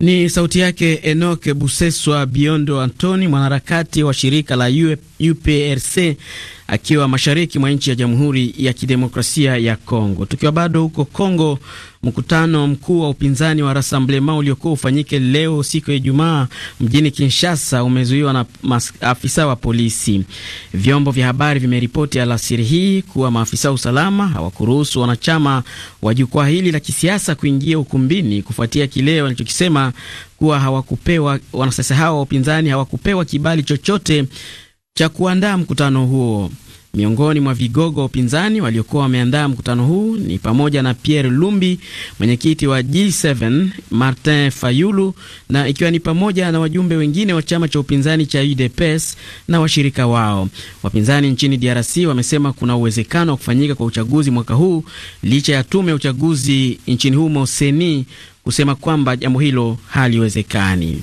Ni sauti yake Enoke Buseswa Biondo Antoni, mwanaharakati wa shirika la UEP UPRC akiwa mashariki mwa nchi ya Jamhuri ya Kidemokrasia ya Kongo. Tukiwa bado huko Kongo, mkutano mkuu wa upinzani wa Rassemblement uliokuwa ufanyike leo siku ya Ijumaa mjini Kinshasa umezuiwa na maafisa wa polisi. Vyombo vya habari vimeripoti alasiri hii kuwa maafisa wa usalama hawakuruhusu wanachama wa jukwaa hili la kisiasa kuingia ukumbini kufuatia kile walichokisema kuwa hawakupewa, wanasiasa hao wa upinzani hawakupewa kibali chochote cha kuandaa mkutano huo. Miongoni mwa vigogo wa upinzani waliokuwa wameandaa mkutano huu ni pamoja na Pierre Lumbi, mwenyekiti wa G7, Martin Fayulu na ikiwa ni pamoja na wajumbe wengine wa chama cha upinzani cha UDPS na washirika wao. Wapinzani nchini DRC wamesema kuna uwezekano wa kufanyika kwa uchaguzi mwaka huu licha ya tume ya uchaguzi nchini humo seni kusema kwamba jambo hilo haliwezekani.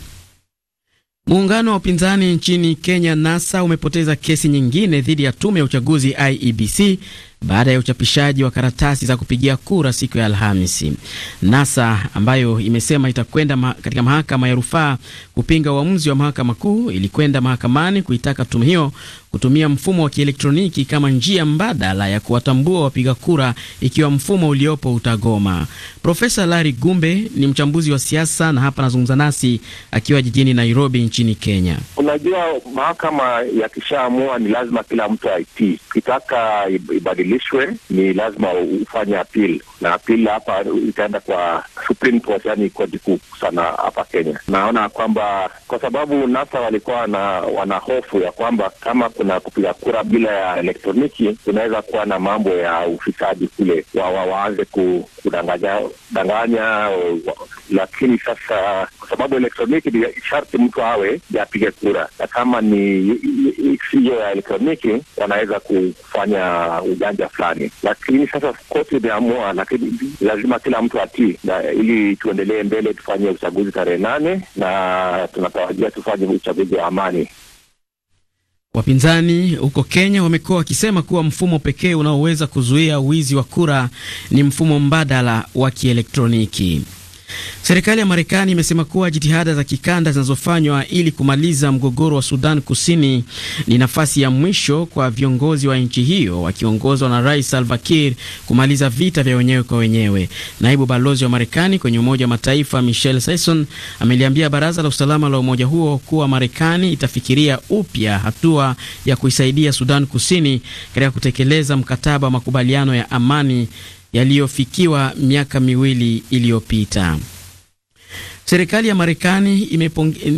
Muungano wa upinzani nchini Kenya NASA umepoteza kesi nyingine dhidi ya tume ya uchaguzi IEBC baada ya uchapishaji wa karatasi za kupigia kura siku ya Alhamisi. NASA ambayo imesema itakwenda ma katika mahakama ya rufaa kupinga uamuzi wa mahakama kuu ilikwenda mahakamani kuitaka tume hiyo kutumia mfumo wa kielektroniki kama njia mbadala ya kuwatambua wapiga kura ikiwa mfumo uliopo utagoma. Profesa Larry Gumbe ni mchambuzi wa siasa na hapa anazungumza nasi akiwa jijini Nairobi nchini Kenya. Unajua, mahakama yakishaamua ni lazima kila mtu aitii ukitaka ibadilike ibadilishwe, ni lazima ufanye appeal, na appeal hapa itaenda kwa Supreme Court, yani koti kuu sana hapa Kenya. Naona kwamba kwa sababu NASA walikuwa wana, wana hofu ya kwamba kama kuna kupiga kura bila ya elektroniki kunaweza kuwa na mambo ya ufisadi kule, waanze ku, kudanganya lakini sasa kwa sababu elektroniki ni sharti mtu awe apige kura, na kama ni hiyo ya elektroniki wanaweza kufanya ujanja shida fulani, lakini sasa koti imeamua, lakini lazima kila mtu atii, na ili tuendelee mbele, tufanye uchaguzi tarehe nane na tunatarajia tufanye uchaguzi wa amani. Wapinzani huko Kenya wamekuwa wakisema kuwa mfumo pekee unaoweza kuzuia wizi wa kura ni mfumo mbadala wa kielektroniki. Serikali ya Marekani imesema kuwa jitihada za kikanda zinazofanywa ili kumaliza mgogoro wa Sudan Kusini ni nafasi ya mwisho kwa viongozi wa nchi hiyo wakiongozwa na Rais Salva Kiir kumaliza vita vya wenyewe kwa wenyewe. Naibu balozi wa Marekani kwenye Umoja wa Mataifa Michelle Sisson ameliambia baraza la usalama la umoja huo kuwa Marekani itafikiria upya hatua ya kuisaidia Sudan Kusini katika kutekeleza mkataba wa makubaliano ya amani yaliyofikiwa miaka miwili iliyopita. Serikali ya Marekani imepongeza eh,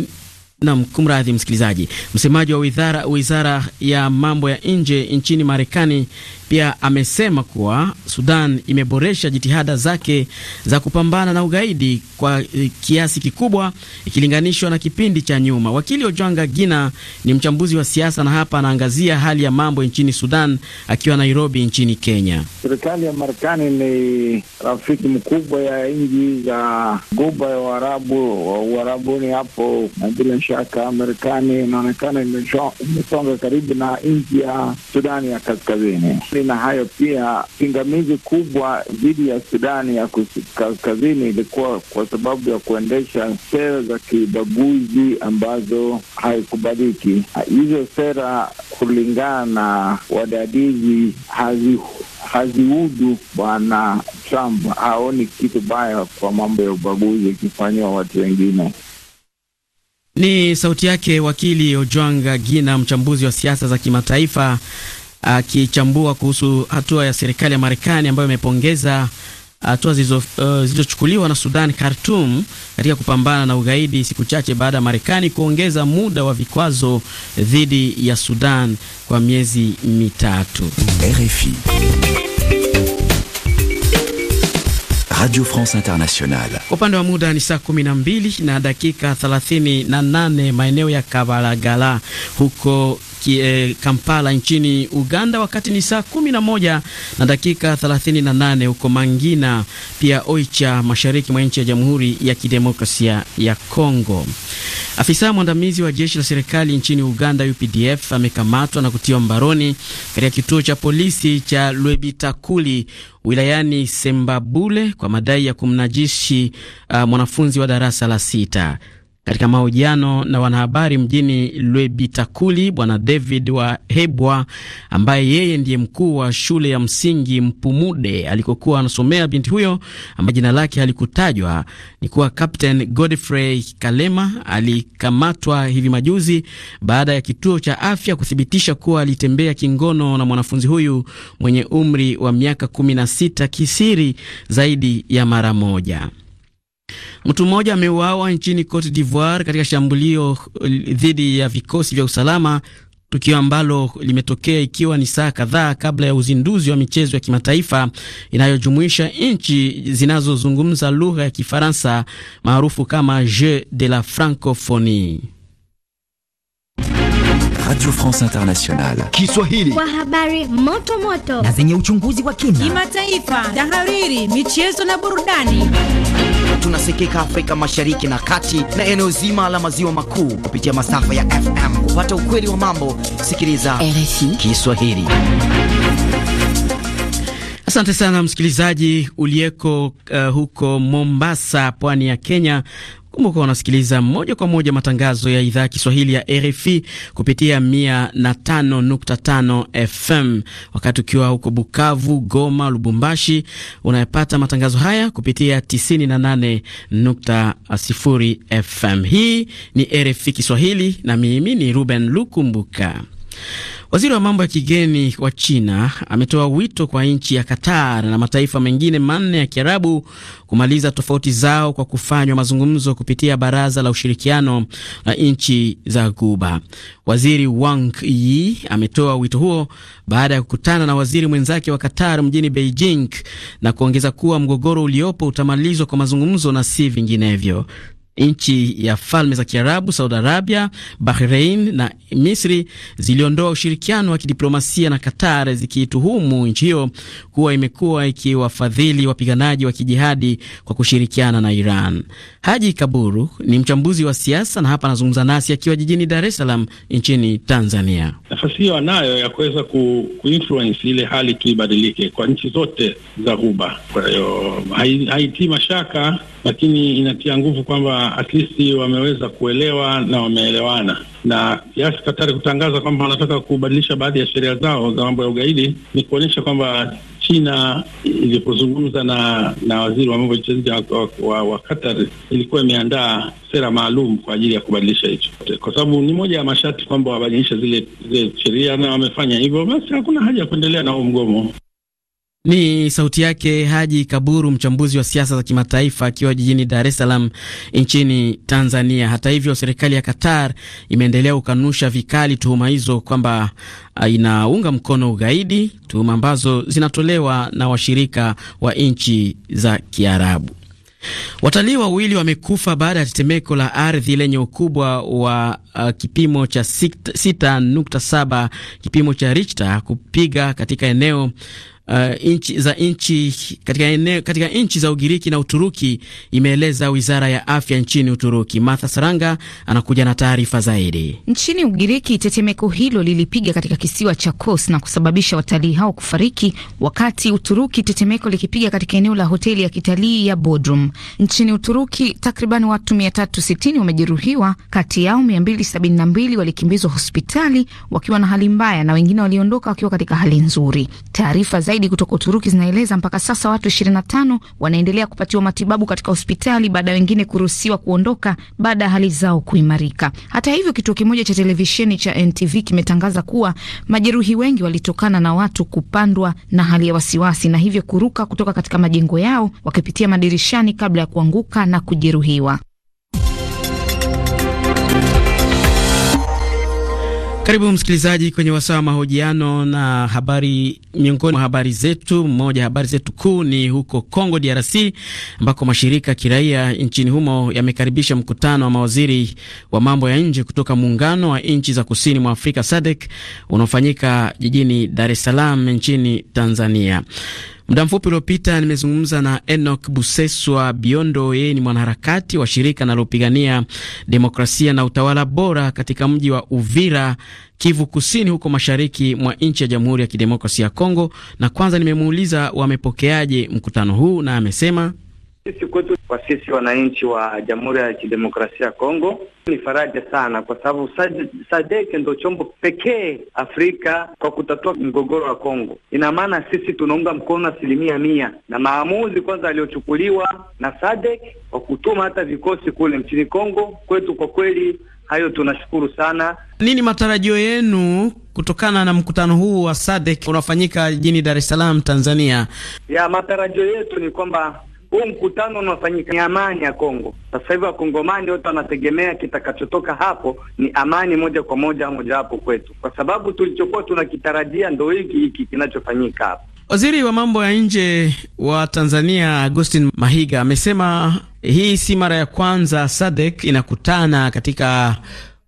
na mkumradhi msikilizaji. Msemaji wa wizara, wizara ya mambo ya nje nchini Marekani pia amesema kuwa Sudan imeboresha jitihada zake za kupambana na ugaidi kwa eh, kiasi kikubwa ikilinganishwa na kipindi cha nyuma. Wakili Ojwanga Gina ni mchambuzi wa siasa na hapa anaangazia hali ya mambo nchini Sudan akiwa Nairobi nchini Kenya. Serikali ya Marekani ni rafiki mkubwa ya nchi za guba ya Uarabu Uarabuni hapo, na bila shaka Marekani inaonekana imesonga karibu na nchi ya Sudani ya kaskazini na hayo pia, pingamizi kubwa dhidi ya Sudani ya Kaskazini ilikuwa kwa sababu ya kuendesha sera za kibaguzi ambazo haikubaliki. Hizo sera, kulingana na wadadizi hazi haziudu Bwana Trump. Haoni kitu baya kwa mambo ya ubaguzi ikifanyiwa watu wengine. Ni sauti yake wakili Ojwanga Gina, mchambuzi wa siasa za kimataifa akichambua kuhusu hatua ya serikali ya Marekani ambayo imepongeza hatua uh, zilizochukuliwa uh, na Sudan Khartoum katika kupambana na ugaidi siku chache baada ya Marekani kuongeza muda wa vikwazo dhidi ya Sudan kwa miezi mitatu. RFI Radio France Internationale. Kwa upande wa muda ni saa 12 na dakika 38 maeneo ya kavalagala huko Eh, Kampala nchini Uganda, wakati ni saa 11 na dakika 38 huko Mangina, pia Oicha, mashariki mwa nchi ya Jamhuri ya Kidemokrasia ya Kongo. Afisa mwandamizi wa jeshi la serikali nchini Uganda UPDF amekamatwa na kutiwa mbaroni katika kituo cha polisi cha Lwebitakuli wilayani Sembabule kwa madai ya kumnajishi uh, mwanafunzi wa darasa la sita. Katika mahojiano na wanahabari mjini Lwebitakuli, bwana David wa Hebwa, ambaye yeye ndiye mkuu wa shule ya msingi Mpumude alikokuwa anasomea binti huyo ambaye jina lake halikutajwa, ni kuwa Captain Godfrey Kalema alikamatwa hivi majuzi baada ya kituo cha afya kuthibitisha kuwa alitembea kingono na mwanafunzi huyu mwenye umri wa miaka 16 kisiri zaidi ya mara moja. Mtu mmoja ameuawa nchini Cote d'Ivoire katika shambulio uh, dhidi ya vikosi vya usalama, tukio ambalo limetokea ikiwa ni saa kadhaa kabla ya uzinduzi wa michezo ya kimataifa inayojumuisha nchi zinazozungumza lugha ya Kifaransa maarufu kama Jeux de la Francophonie. Radio France Internationale Kiswahili, kwa habari moto moto na zenye uchunguzi wa kina, kimataifa, tahariri, michezo na burudani tunasikika Afrika Mashariki na Kati na eneo zima la maziwa makuu kupitia masafa ya FM. Kupata ukweli wa mambo, sikiliza RFI Kiswahili. Asante sana msikilizaji uliyeko uh, huko Mombasa, pwani ya Kenya. Kumbuka unasikiliza moja kwa moja matangazo ya idhaa ya Kiswahili ya RFI kupitia 105.5 FM. Wakati ukiwa huko Bukavu, Goma, Lubumbashi, unayepata matangazo haya kupitia 98.0 FM. Hii ni RFI Kiswahili na mimi ni Ruben Lukumbuka. Waziri wa mambo ya kigeni wa China ametoa wito kwa nchi ya Qatar na mataifa mengine manne ya Kiarabu kumaliza tofauti zao kwa kufanywa mazungumzo kupitia baraza la ushirikiano la nchi za guba Waziri Wang Yi ametoa wito huo baada ya kukutana na waziri mwenzake wa Qatar mjini Beijing na kuongeza kuwa mgogoro uliopo utamalizwa kwa mazungumzo na si vinginevyo nchi ya Falme za Kiarabu, Saudi Arabia, Bahrain na Misri ziliondoa ushirikiano wa kidiplomasia na Qatar, zikiituhumu nchi hiyo kuwa imekuwa ikiwafadhili wapiganaji wa kijihadi kwa kushirikiana na Iran. Haji Kaburu ni mchambuzi wa siasa na hapa anazungumza nasi akiwa jijini Dar es Salaam nchini Tanzania. Nafasi hiyo anayo ya kuweza ku, kuinfluence ile hali tu ibadilike kwa nchi zote za Ghuba. Kwa hiyo haitii mashaka, lakini inatia nguvu kwamba at least wameweza kuelewa na wameelewana na kiasi Katari kutangaza kwamba wanataka kubadilisha baadhi ya sheria zao za mambo ya ugaidi ni kuonyesha kwamba China ilipozungumza na na waziri wa mambo ya wa, wa, wa Qatar ilikuwa imeandaa sera maalum kwa ajili ya kubadilisha hicho, kwa sababu ni moja ya masharti kwamba wabadilishe zile zile sheria, na wamefanya hivyo, basi hakuna haja ya kuendelea na huo mgomo. Ni sauti yake Haji Kaburu, mchambuzi wa siasa za kimataifa akiwa jijini Dar es Salaam nchini Tanzania. Hata hivyo, serikali ya Qatar imeendelea kukanusha vikali tuhuma hizo kwamba ah, inaunga mkono ugaidi, tuhuma ambazo zinatolewa na washirika wa nchi za Kiarabu. Watalii wawili wamekufa baada ya tetemeko la ardhi lenye ukubwa wa uh, kipimo cha 6.7 kipimo cha Richter kupiga katika eneo uh, inchi za inchi katika eneo, katika inchi za Ugiriki na Uturuki, imeeleza wizara ya afya nchini Uturuki. Martha Saranga anakuja na taarifa zaidi. Nchini Ugiriki, tetemeko hilo lilipiga katika kisiwa cha Kos na kusababisha watalii hao kufariki, wakati Uturuki tetemeko likipiga katika eneo la hoteli ya kitalii ya Bodrum. Nchini Uturuki, takriban watu 360 wamejeruhiwa, kati yao 272 walikimbizwa hospitali wakiwa na hali mbaya na wengine waliondoka wakiwa katika hali nzuri. Taarifa za zaidi kutoka Uturuki zinaeleza mpaka sasa watu 25 wanaendelea kupatiwa matibabu katika hospitali baada ya wengine kuruhusiwa kuondoka baada ya hali zao kuimarika. Hata hivyo, kituo kimoja cha televisheni cha NTV kimetangaza kuwa majeruhi wengi walitokana na watu kupandwa na hali ya wasiwasi na hivyo kuruka kutoka katika majengo yao wakipitia madirishani kabla ya kuanguka na kujeruhiwa. Karibu msikilizaji kwenye wasaa wa mahojiano na habari. Miongoni mwa habari zetu, mmoja habari zetu kuu ni huko Congo DRC ambako mashirika ya kiraia nchini humo yamekaribisha mkutano wa mawaziri wa mambo ya nje kutoka muungano wa nchi za kusini mwa Afrika SADC unaofanyika jijini Dar es Salaam nchini Tanzania. Muda mfupi uliopita nimezungumza na Enoch Buseswa Biondo. Yeye ni mwanaharakati wa shirika linalopigania demokrasia na utawala bora katika mji wa Uvira, Kivu Kusini, huko mashariki mwa nchi ya Jamhuri ya Kidemokrasia ya Kongo, na kwanza nimemuuliza wamepokeaje mkutano huu, na amesema sisi kwetu, kwa sisi wananchi wa Jamhuri ya Kidemokrasia ya Kongo ni faraja sana, kwa sababu SADC ndo chombo pekee Afrika kwa kutatua mgogoro wa Kongo. Ina maana sisi tunaunga mkono asilimia mia, na maamuzi kwanza aliyochukuliwa na SADC kwa kutuma hata vikosi kule nchini Kongo kwetu, kwa kweli hayo tunashukuru sana. Nini matarajio yenu kutokana na mkutano huu wa SADC unaofanyika jijini Dar es Salaam, Tanzania? Ya matarajio yetu ni kwamba huu mkutano unafanyika ni amani ya Kongo. Sasa hivi wakongomani wote wanategemea kitakachotoka hapo ni amani moja kwa moja mojawapo kwetu, kwa sababu tulichokuwa tunakitarajia ndo hiki hiki kinachofanyika hapo. Waziri wa mambo ya nje wa Tanzania Agustin Mahiga amesema hii si mara ya kwanza SADC inakutana katika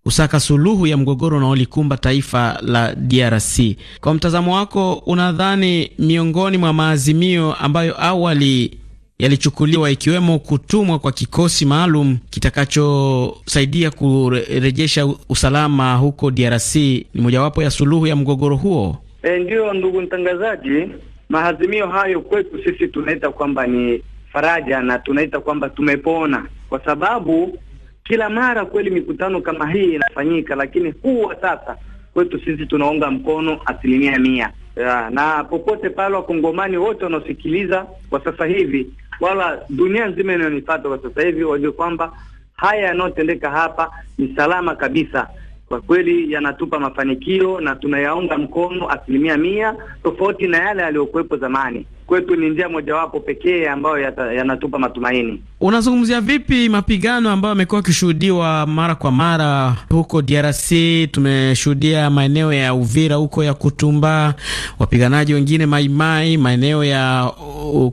kusaka suluhu ya mgogoro unaolikumba taifa la DRC. Kwa mtazamo wako, unadhani miongoni mwa maazimio ambayo awali yalichukuliwa ikiwemo kutumwa kwa kikosi maalum kitakachosaidia kurejesha usalama huko DRC ni mojawapo ya suluhu ya mgogoro huo. E, ndiyo ndugu mtangazaji, maazimio hayo kwetu sisi tunaita kwamba ni faraja na tunaita kwamba tumepona, kwa sababu kila mara kweli mikutano kama hii inafanyika, lakini huwa sasa kwetu sisi tunaunga mkono asilimia mia ya, na popote pale wakongomani wote wanaosikiliza kwa sasa hivi wala dunia nzima inayonifata kwa sasa hivi wajue kwamba haya yanayotendeka hapa ni salama kabisa kwa kweli yanatupa mafanikio na tunayaunga mkono asilimia mia, tofauti na yale yaliyokuwepo zamani. Kwetu ni njia mojawapo pekee ambayo yanatupa matumaini. Unazungumzia vipi mapigano ambayo yamekuwa yakishuhudiwa mara kwa mara huko DRC? Tumeshuhudia maeneo ya Uvira huko ya Kutumba, wapiganaji wengine Maimai, maeneo ya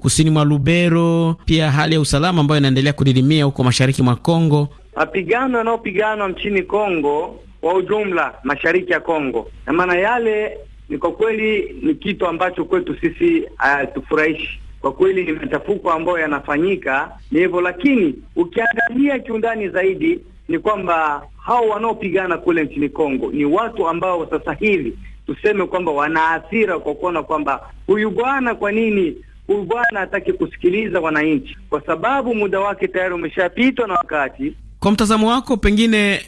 kusini mwa Lubero, pia hali ya usalama ambayo inaendelea kudidimia huko mashariki mwa Kongo, mapigano yanayopiganwa nchini Kongo kwa ujumla mashariki ya Kongo, na maana yale ni kwa kweli ni kitu ambacho kwetu sisi ah, hatufurahishi. kwa kweli ni machafuko ambayo yanafanyika ni hivyo, lakini ukiangalia kiundani zaidi ni kwamba hao wanaopigana kule nchini Kongo ni watu ambao sasa hivi tuseme kwamba wanaathira kwa kuona kwamba huyu bwana, kwa nini huyu bwana hataki kusikiliza wananchi? Kwa sababu muda wake tayari umeshapitwa na wakati. Kwa mtazamo wako, pengine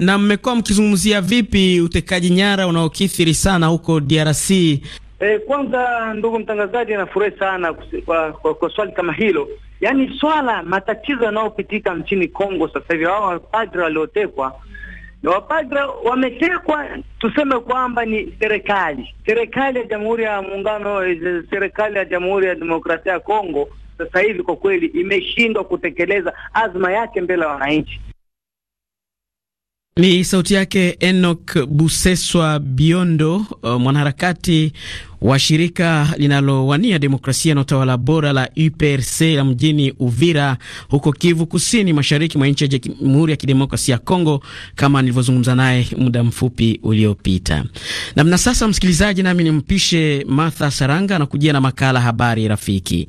na mmekuwa mkizungumzia vipi utekaji nyara unaokithiri sana huko DRC? E, kwanza ndugu mtangazaji, nafurahi sana kwa, kwa, kwa swali kama hilo. Yaani swala matatizo yanayopitika nchini Kongo sasa hivi, hao wapadre waliotekwa na wapadre wametekwa, tuseme kwamba ni serikali serikali ya Jamhuri ya Muungano, serikali ya Jamhuri ya Demokrasia ya Kongo sasa hivi kwa kweli imeshindwa kutekeleza azma yake mbele ya wananchi. Ni sauti yake enok Buseswa Biondo, uh, mwanaharakati wa shirika linalowania demokrasia na utawala bora la UPRC la mjini Uvira huko Kivu Kusini, mashariki mwa nchi ya Jamhuri ya Kidemokrasia ya Kongo, kama nilivyozungumza naye muda mfupi uliopita. Namna sasa, msikilizaji, nami nimpishe Martha Saranga anakujia na makala Habari Rafiki.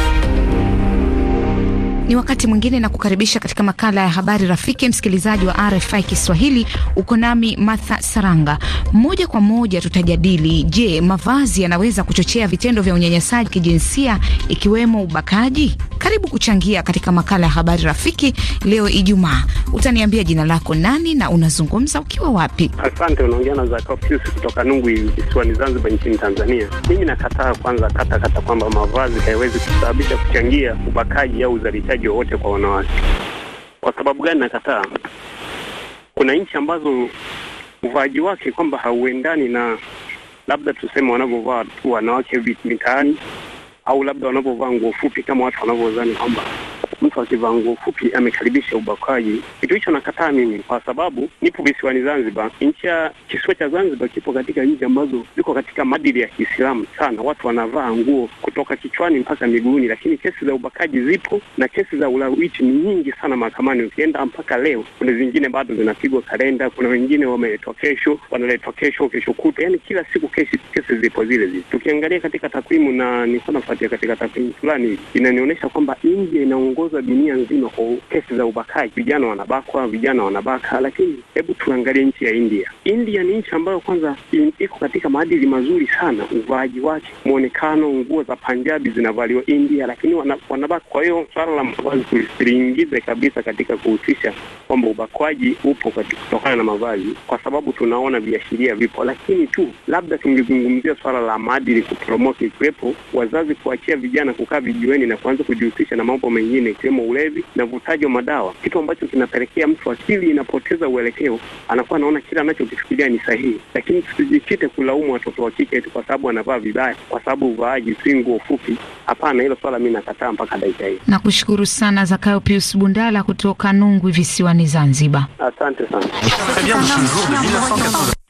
Ni wakati mwingine na kukaribisha katika makala ya habari rafiki, msikilizaji wa RFI Kiswahili. Uko nami Martha Saranga. Moja kwa moja tutajadili, je, mavazi yanaweza kuchochea vitendo vya unyanyasaji kijinsia ikiwemo ubakaji? Karibu kuchangia katika makala ya habari rafiki leo Ijumaa. Utaniambia jina lako nani na unazungumza ukiwa wapi? Asante. Unaongea na Zakafiusi kutoka Nungwi visiwani Zanzibar nchini Tanzania. Mimi nakataa kwanza katakata kwamba mavazi hayawezi kusababisha kuchangia ubakaji au uzalishaji unyanyasaji wowote kwa wanawake. Kwa sababu gani nakataa? Kuna nchi ambazo uvaaji wake kwamba hauendani na labda tuseme wanavyovaa wanawake mitaani, au labda wanavyovaa nguo fupi kama watu wanavyozani kwamba mtu akivaa nguo fupi amekaribisha ubakaji. Kitu hicho nakataa mimi, kwa sababu nipo visiwani Zanzibar. Nchi ya kisiwa cha Zanzibar kipo katika nchi ambazo ziko katika maadili ya Kiislamu sana, watu wanavaa nguo kutoka kichwani mpaka miguuni, lakini kesi za ubakaji zipo na kesi za ulawiti ni nyingi sana mahakamani. Ukienda mpaka leo, kuna zingine bado zinapigwa kalenda, kuna wengine wameletwa kesho, wanaletwa kesho, kesho kutwa, yani kila siku kesi, kesi zipo zile zile. Tukiangalia katika takwimu, na nilikuwa nafuatia katika takwimu fulani, inanionyesha kwamba India inaongoza zinazoongozwa dunia nzima kwa kesi za ubakaji, vijana wanabakwa, vijana wanabaka. Lakini hebu tuangalie nchi ya India. India ni nchi ambayo kwanza iko katika maadili mazuri sana, uvaaji wake, mwonekano, nguo za Panjabi zinavaliwa India, lakini wanabaka. Kwa hiyo swala la mavazi tuliingize kabisa katika kuhusisha kwamba ubakwaji upo kutokana na mavazi, kwa sababu tunaona viashiria vipo, lakini tu labda tungezungumzia swala la maadili kupromoti, ikiwepo wazazi kuachia vijana kukaa vijiweni na kuanza kujihusisha na mambo mengine ikiwemo ulevi na vutaji wa madawa, kitu ambacho kinapelekea mtu akili inapoteza uelekeo, anakuwa anaona kile anachokifikiria ni sahihi. Lakini tusijikite kulaumu watoto wa kike kwa sababu anavaa vibaya, kwa sababu uvaaji si nguo fupi. Hapana, hilo swala mi nakataa mpaka dakika hii. Nakushukuru sana Zakayo Pius Bundala kutoka Nungwi visiwani visiwani Zanzibar. Asante sana.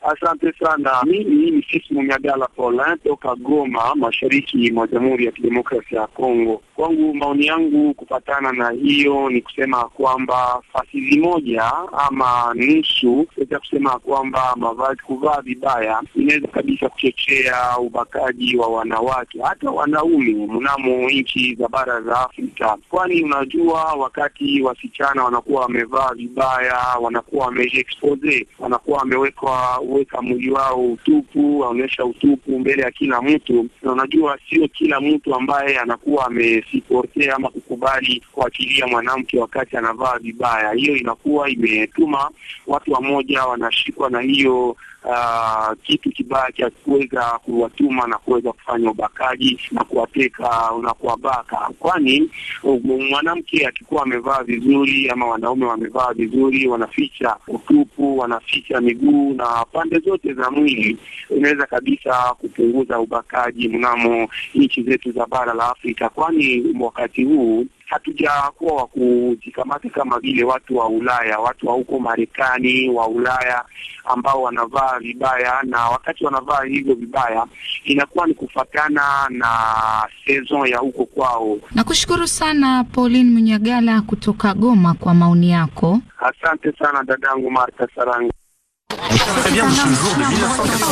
Asante sana. Mimi ni Sisi Munyagala Paulin eh, toka Goma, mashariki mwa Jamhuri ya Kidemokrasia ya Kongo. Kwangu, maoni yangu kupatana na hiyo ni kusema kwamba fasili moja ama nusu, naweza kusema kwamba mavazi, kuvaa vibaya inaweza kabisa kuchochea ubakaji wa wanawake hata wanaume mnamo nchi za bara za Afrika, kwani unajua, wakati wasichana wanakuwa wamevaa vibaya, wanakuwa wamejiexpose, wanakuwa wamewekwa kuweka mwili wao utupu, aonyesha utupu mbele ya kila mtu, na unajua sio kila mtu ambaye anakuwa amesiporte ama kukubali kuachilia mwanamke wakati anavaa vibaya. Hiyo inakuwa imetuma watu wamoja wanashikwa na hiyo Uh, kitu kibaya cha kuweza kuwatuma na kuweza kufanya ubakaji na kuwateka na kuwabaka, kwani um, mwanamke akikuwa amevaa vizuri ama wanaume wamevaa vizuri, wanaficha utupu, wanaficha miguu na pande zote za mwili, inaweza kabisa kupunguza ubakaji mnamo nchi zetu za bara la Afrika, kwani wakati huu hatujakuwa wa kujikamata kama vile watu wa Ulaya, watu wa huko Marekani, wa Ulaya ambao wanavaa vibaya, na wakati wanavaa hivyo vibaya inakuwa ni kufatana na sezon ya huko kwao. Nakushukuru sana Pauline Munyagala kutoka Goma kwa maoni yako. Asante sana dadangu Martha Saranga.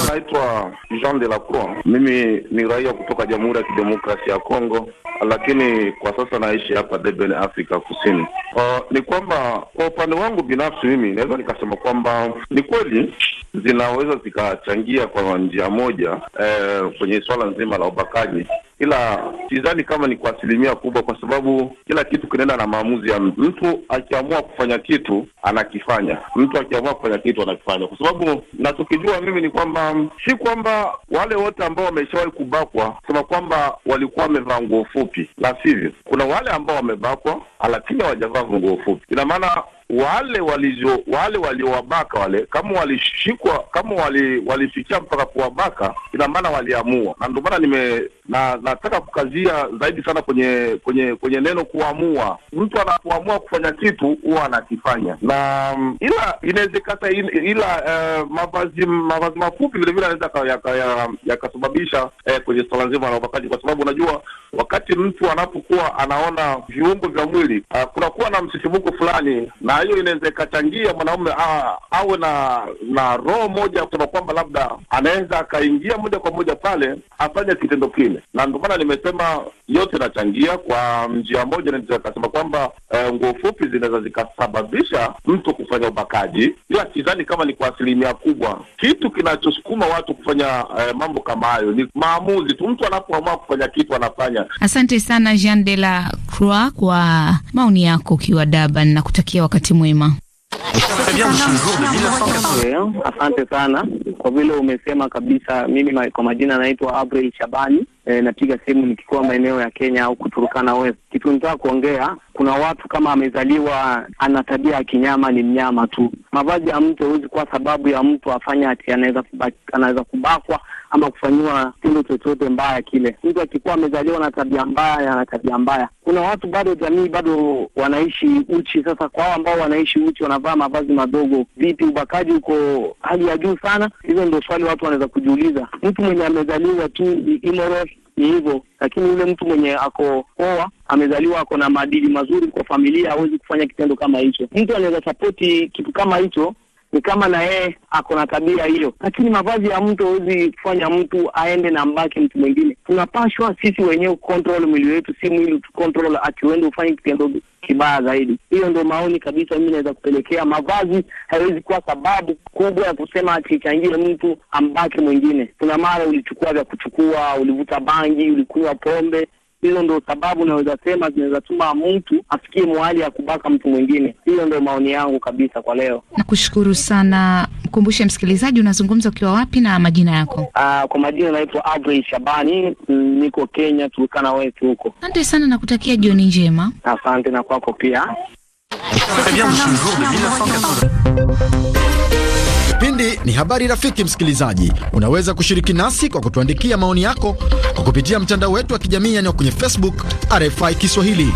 Naitwa Jean de la Croix, mimi ni raia kutoka Jamhuri ya Kidemokrasia ya Kongo, lakini kwa sasa naishi hapa Durban, Afrika Kusini. Uh, ni kwamba kwa upande wangu binafsi mimi naweza nikasema kwamba ni kweli zinaweza zikachangia kwa njia moja eh, kwenye swala nzima la ubakaji ila sidhani kama ni kwa asilimia kubwa, kwa sababu kila kitu kinaenda na maamuzi ya mtu. Mtu akiamua kufanya kitu anakifanya, mtu akiamua kufanya kitu anakifanya, kwa sababu sababu nachokijua mimi ni kwamba mm, si kwamba wale wote ambao wameshawahi kubakwa sema kwamba walikuwa wamevaa nguo fupi, la sivyo, kuna wale ambao wamebakwa lakini hawajavaa nguo fupi, ina maana wale walizo wale waliowabaka wale, kama walishikwa, kama wali walifikia mpaka kuwabaka, ina maana waliamua, na ndio maana nime na nataka kukazia zaidi sana kwenye kwenye kwenye neno kuamua. Mtu anapoamua kufanya kitu huwa anakifanya, na mm, ila inawezekana ila uh, mavazi mavazi mafupi vile vile anaweza yakasababisha eh, kwenye swala nzima la ubakaji, kwa sababu unajua wakati mtu anapokuwa anaona viungo vya mwili uh, ah, kunakuwa na msisimuko fulani na hiyo inaweza ikachangia mwanaume ah, awe na na roho moja kusema kwamba labda anaweza akaingia moja kwa moja pale afanye kitendo kile, na ndio maana nimesema yote inachangia kwa njia moja. Naweza kasema kwamba eh, nguo fupi zinaweza zikasababisha mtu kufanya ubakaji, ila sidhani kama ni kwa asilimia kubwa. Kitu kinachosukuma watu kufanya e, mambo kama hayo ni maamuzi tu, mtu anapoamua kufanya kitu anafanya. Asante sana Jean de la Croix kwa maoni yako ukiwa Durban na kutakia wakati wakati mwema. Asante sana kwa vile umesema kabisa. Mimi kwa majina naitwa April Shabani. E, napiga simu nikikuwa maeneo ya Kenya au kuturukana we. Kitu nitaka kuongea, kuna watu kama amezaliwa ana tabia ya kinyama, ni mnyama tu. Mavazi ya mtu huwezi kuwa sababu ya mtu afanye ati anaweza kubakwa ama kufanyiwa kitendo chochote mbaya kile. Mtu akikuwa amezaliwa na tabia mbaya, na tabia mbaya. Kuna watu bado, jamii bado wanaishi uchi. Sasa kwa hao ambao wanaishi uchi, wanavaa mavazi madogo, vipi? Ubakaji uko hali ya juu sana. Hizo ndio swali watu wanaweza kujiuliza. Mtu mwenye amezaliwa tu ni immoral ni hivyo, lakini yule mtu mwenye ako poa, amezaliwa ako na maadili mazuri kwa familia, hawezi kufanya kitendo kama hicho. Mtu anaweza sapoti kitu kama hicho ni kama na yeye ako na tabia hiyo, lakini mavazi ya mtu hawezi kufanya mtu aende na mbaki mtu mwingine. Tunapashwa sisi wenyewe control mwili wetu, si mwili tu control ati uende ufanye kitendo kibaya zaidi. Hiyo ndio maoni kabisa mimi naweza kupelekea. Mavazi haiwezi kuwa sababu kubwa ya kusema ati ichangie mtu ambake mwingine. Kuna mara ulichukua vya kuchukua, ulivuta bangi, ulikunywa pombe Hizo ndo sababu naweza sema zinaweza tuma mtu afikie mwali ya kubaka mtu mwingine. Hiyo ndo maoni yangu kabisa kwa leo. Nakushukuru sana. Mkumbushe msikilizaji, unazungumza ukiwa wapi na majina yako? Aa, ah, kwa majina naitwa Abrey Shabani, mm, niko Kenya, Turkana wetu huko. Asante sana na kutakia jioni njema. Asante na kwako pia. Eh, Kipindi ni habari rafiki. Msikilizaji, unaweza kushiriki nasi kwa kutuandikia maoni yako kwa kupitia mtandao wetu wa kijamii yani kwenye Facebook RFI Kiswahili.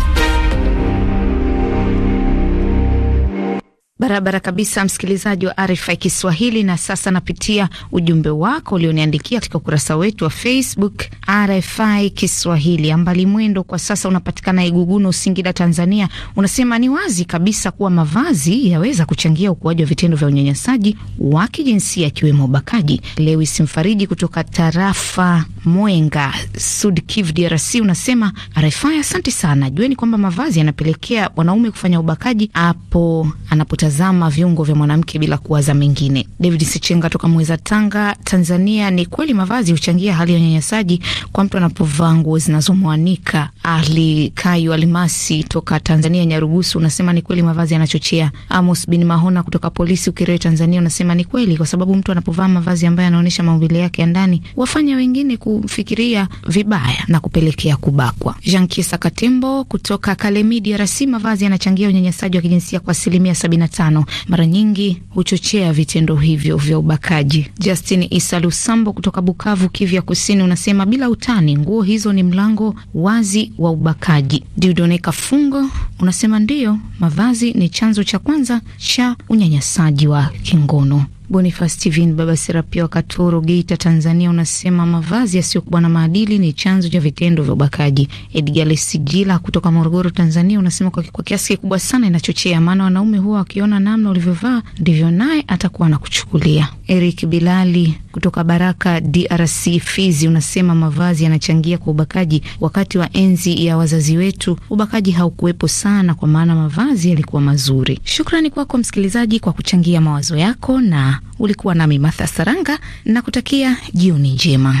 Barabara kabisa, msikilizaji wa RFI Kiswahili. Na sasa napitia ujumbe wako ulioniandikia katika ukurasa wetu wa Facebook RFI Kiswahili. Ambali Mwendo kwa sasa unapatikana Iguguno, Singida, Tanzania, unasema ni wazi kabisa kuwa mavazi yaweza kuchangia ukuaji wa vitendo vya unyanyasaji wa kijinsia akiwemo ubakaji. Lewis Mfariji kutoka tarafa Mwenga, Sud Kivu, DRC, unasema RFI asante sana, jueni kwamba mavazi yanapelekea mwanaume kufanya ubakaji hapo anapotazama viungo vya mwanamke bila kuwaza mengine. David Sichenga toka Mweza, Tanga, Tanzania, ni kweli mavazi huchangia hali ya unyanyasaji kwa mtu anapovaa nguo zinazomwanika. Ali Kayu Alimasi toka Tanzania, Nyarugusu, unasema ni kweli mavazi yanachochea. Amos bin Mahona kutoka polisi Ukerewe, Tanzania, unasema ni kweli, kwa sababu mtu anapovaa mavazi ambayo anaonyesha maumbile yake ya ndani wafanya wengine kufikiria vibaya na kupelekea kubakwa. Jean Kiesa Katembo kutoka Kalemi, DRC, mavazi yanachangia unyanyasaji wa kijinsia kwa asilimia sabini tano, mara nyingi huchochea vitendo hivyo vya ubakaji. Justin Isa Lusambo kutoka Bukavu, Kivya Kusini, unasema bila bila utani, nguo hizo ni mlango wazi wa ubakaji. Diudone Kafungo unasema ndiyo, mavazi ni chanzo cha kwanza cha unyanyasaji wa kingono. Bonifas Steven Baba Serapia wa Katoro, Geita, Tanzania, unasema mavazi yasiyokuwa na maadili ni chanzo cha vitendo vya ubakaji. Edgar Lesijila kutoka Morogoro, Tanzania, unasema kwa, kwa kiasi kikubwa sana inachochea, maana wanaume huwa wakiona namna ulivyovaa ndivyo naye atakuwa kuchukulia. Eric Bilali kutoka Baraka DRC Fizi unasema mavazi yanachangia kwa ubakaji. Wakati wa enzi ya wazazi wetu ubakaji haukuwepo sana, kwa maana mavazi yalikuwa mazuri. Shukrani kwako kwa msikilizaji kwa kuchangia mawazo yako, na ulikuwa nami matha Saranga na kutakia jioni njema.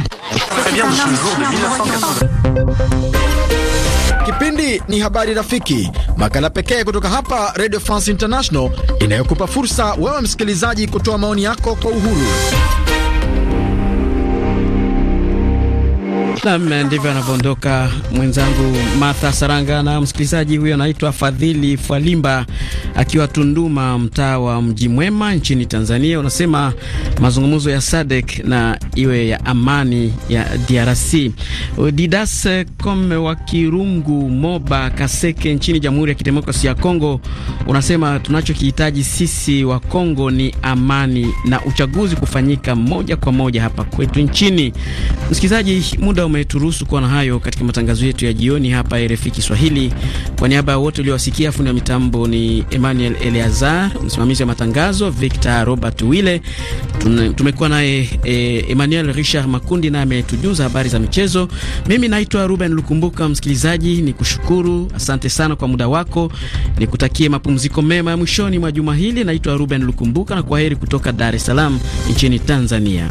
Kipindi ni Habari Rafiki, makala pekee kutoka hapa Radio France International inayokupa fursa wewe msikilizaji kutoa maoni yako kwa uhuru. Nam, ndivyo anavyoondoka mwenzangu Martha Saranga. Na msikilizaji huyo anaitwa Fadhili Fwalimba akiwa Tunduma, mtaa wa Mji Mwema nchini Tanzania. Unasema mazungumzo ya Sadek na iwe ya amani ya DRC. Didas Kome wa Kirungu, Moba Kaseke nchini Jamhuri ya Kidemokrasi ya Kongo unasema tunachokihitaji sisi wa Kongo ni amani na uchaguzi kufanyika moja kwa moja hapa kwetu nchini. Msikilizaji, muda umeturuhusu kuwa na hayo katika matangazo yetu ya jioni hapa RFI Kiswahili. Kwa niaba ya wote uliowasikia, fundi wa mitambo ni Emmanuel Eleazar, msimamizi wa matangazo Victor Robert Wile, tumekuwa naye e, Emmanuel Richard Makundi naye ametujuza habari za michezo. Mimi naitwa Ruben Lukumbuka. Msikilizaji, ni kushukuru, asante sana kwa muda wako, nikutakie mapumziko mema ya mwishoni mwa juma hili. Naitwa Ruben Lukumbuka na kwaheri kutoka Dar es Salaam nchini Tanzania.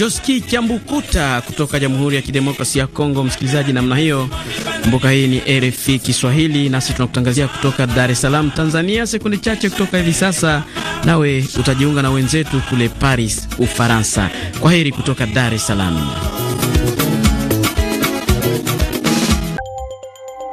Joski Kiambukuta kutoka Jamhuri ya Kidemokrasia ya Kongo. Msikilizaji namna hiyo, kumbuka hii ni RFI Kiswahili, nasi tunakutangazia kutoka Dar es Salaam, Tanzania. Sekunde chache kutoka hivi sasa, nawe utajiunga na wenzetu kule Paris, Ufaransa. Kwa heri kutoka Dar es Salaam.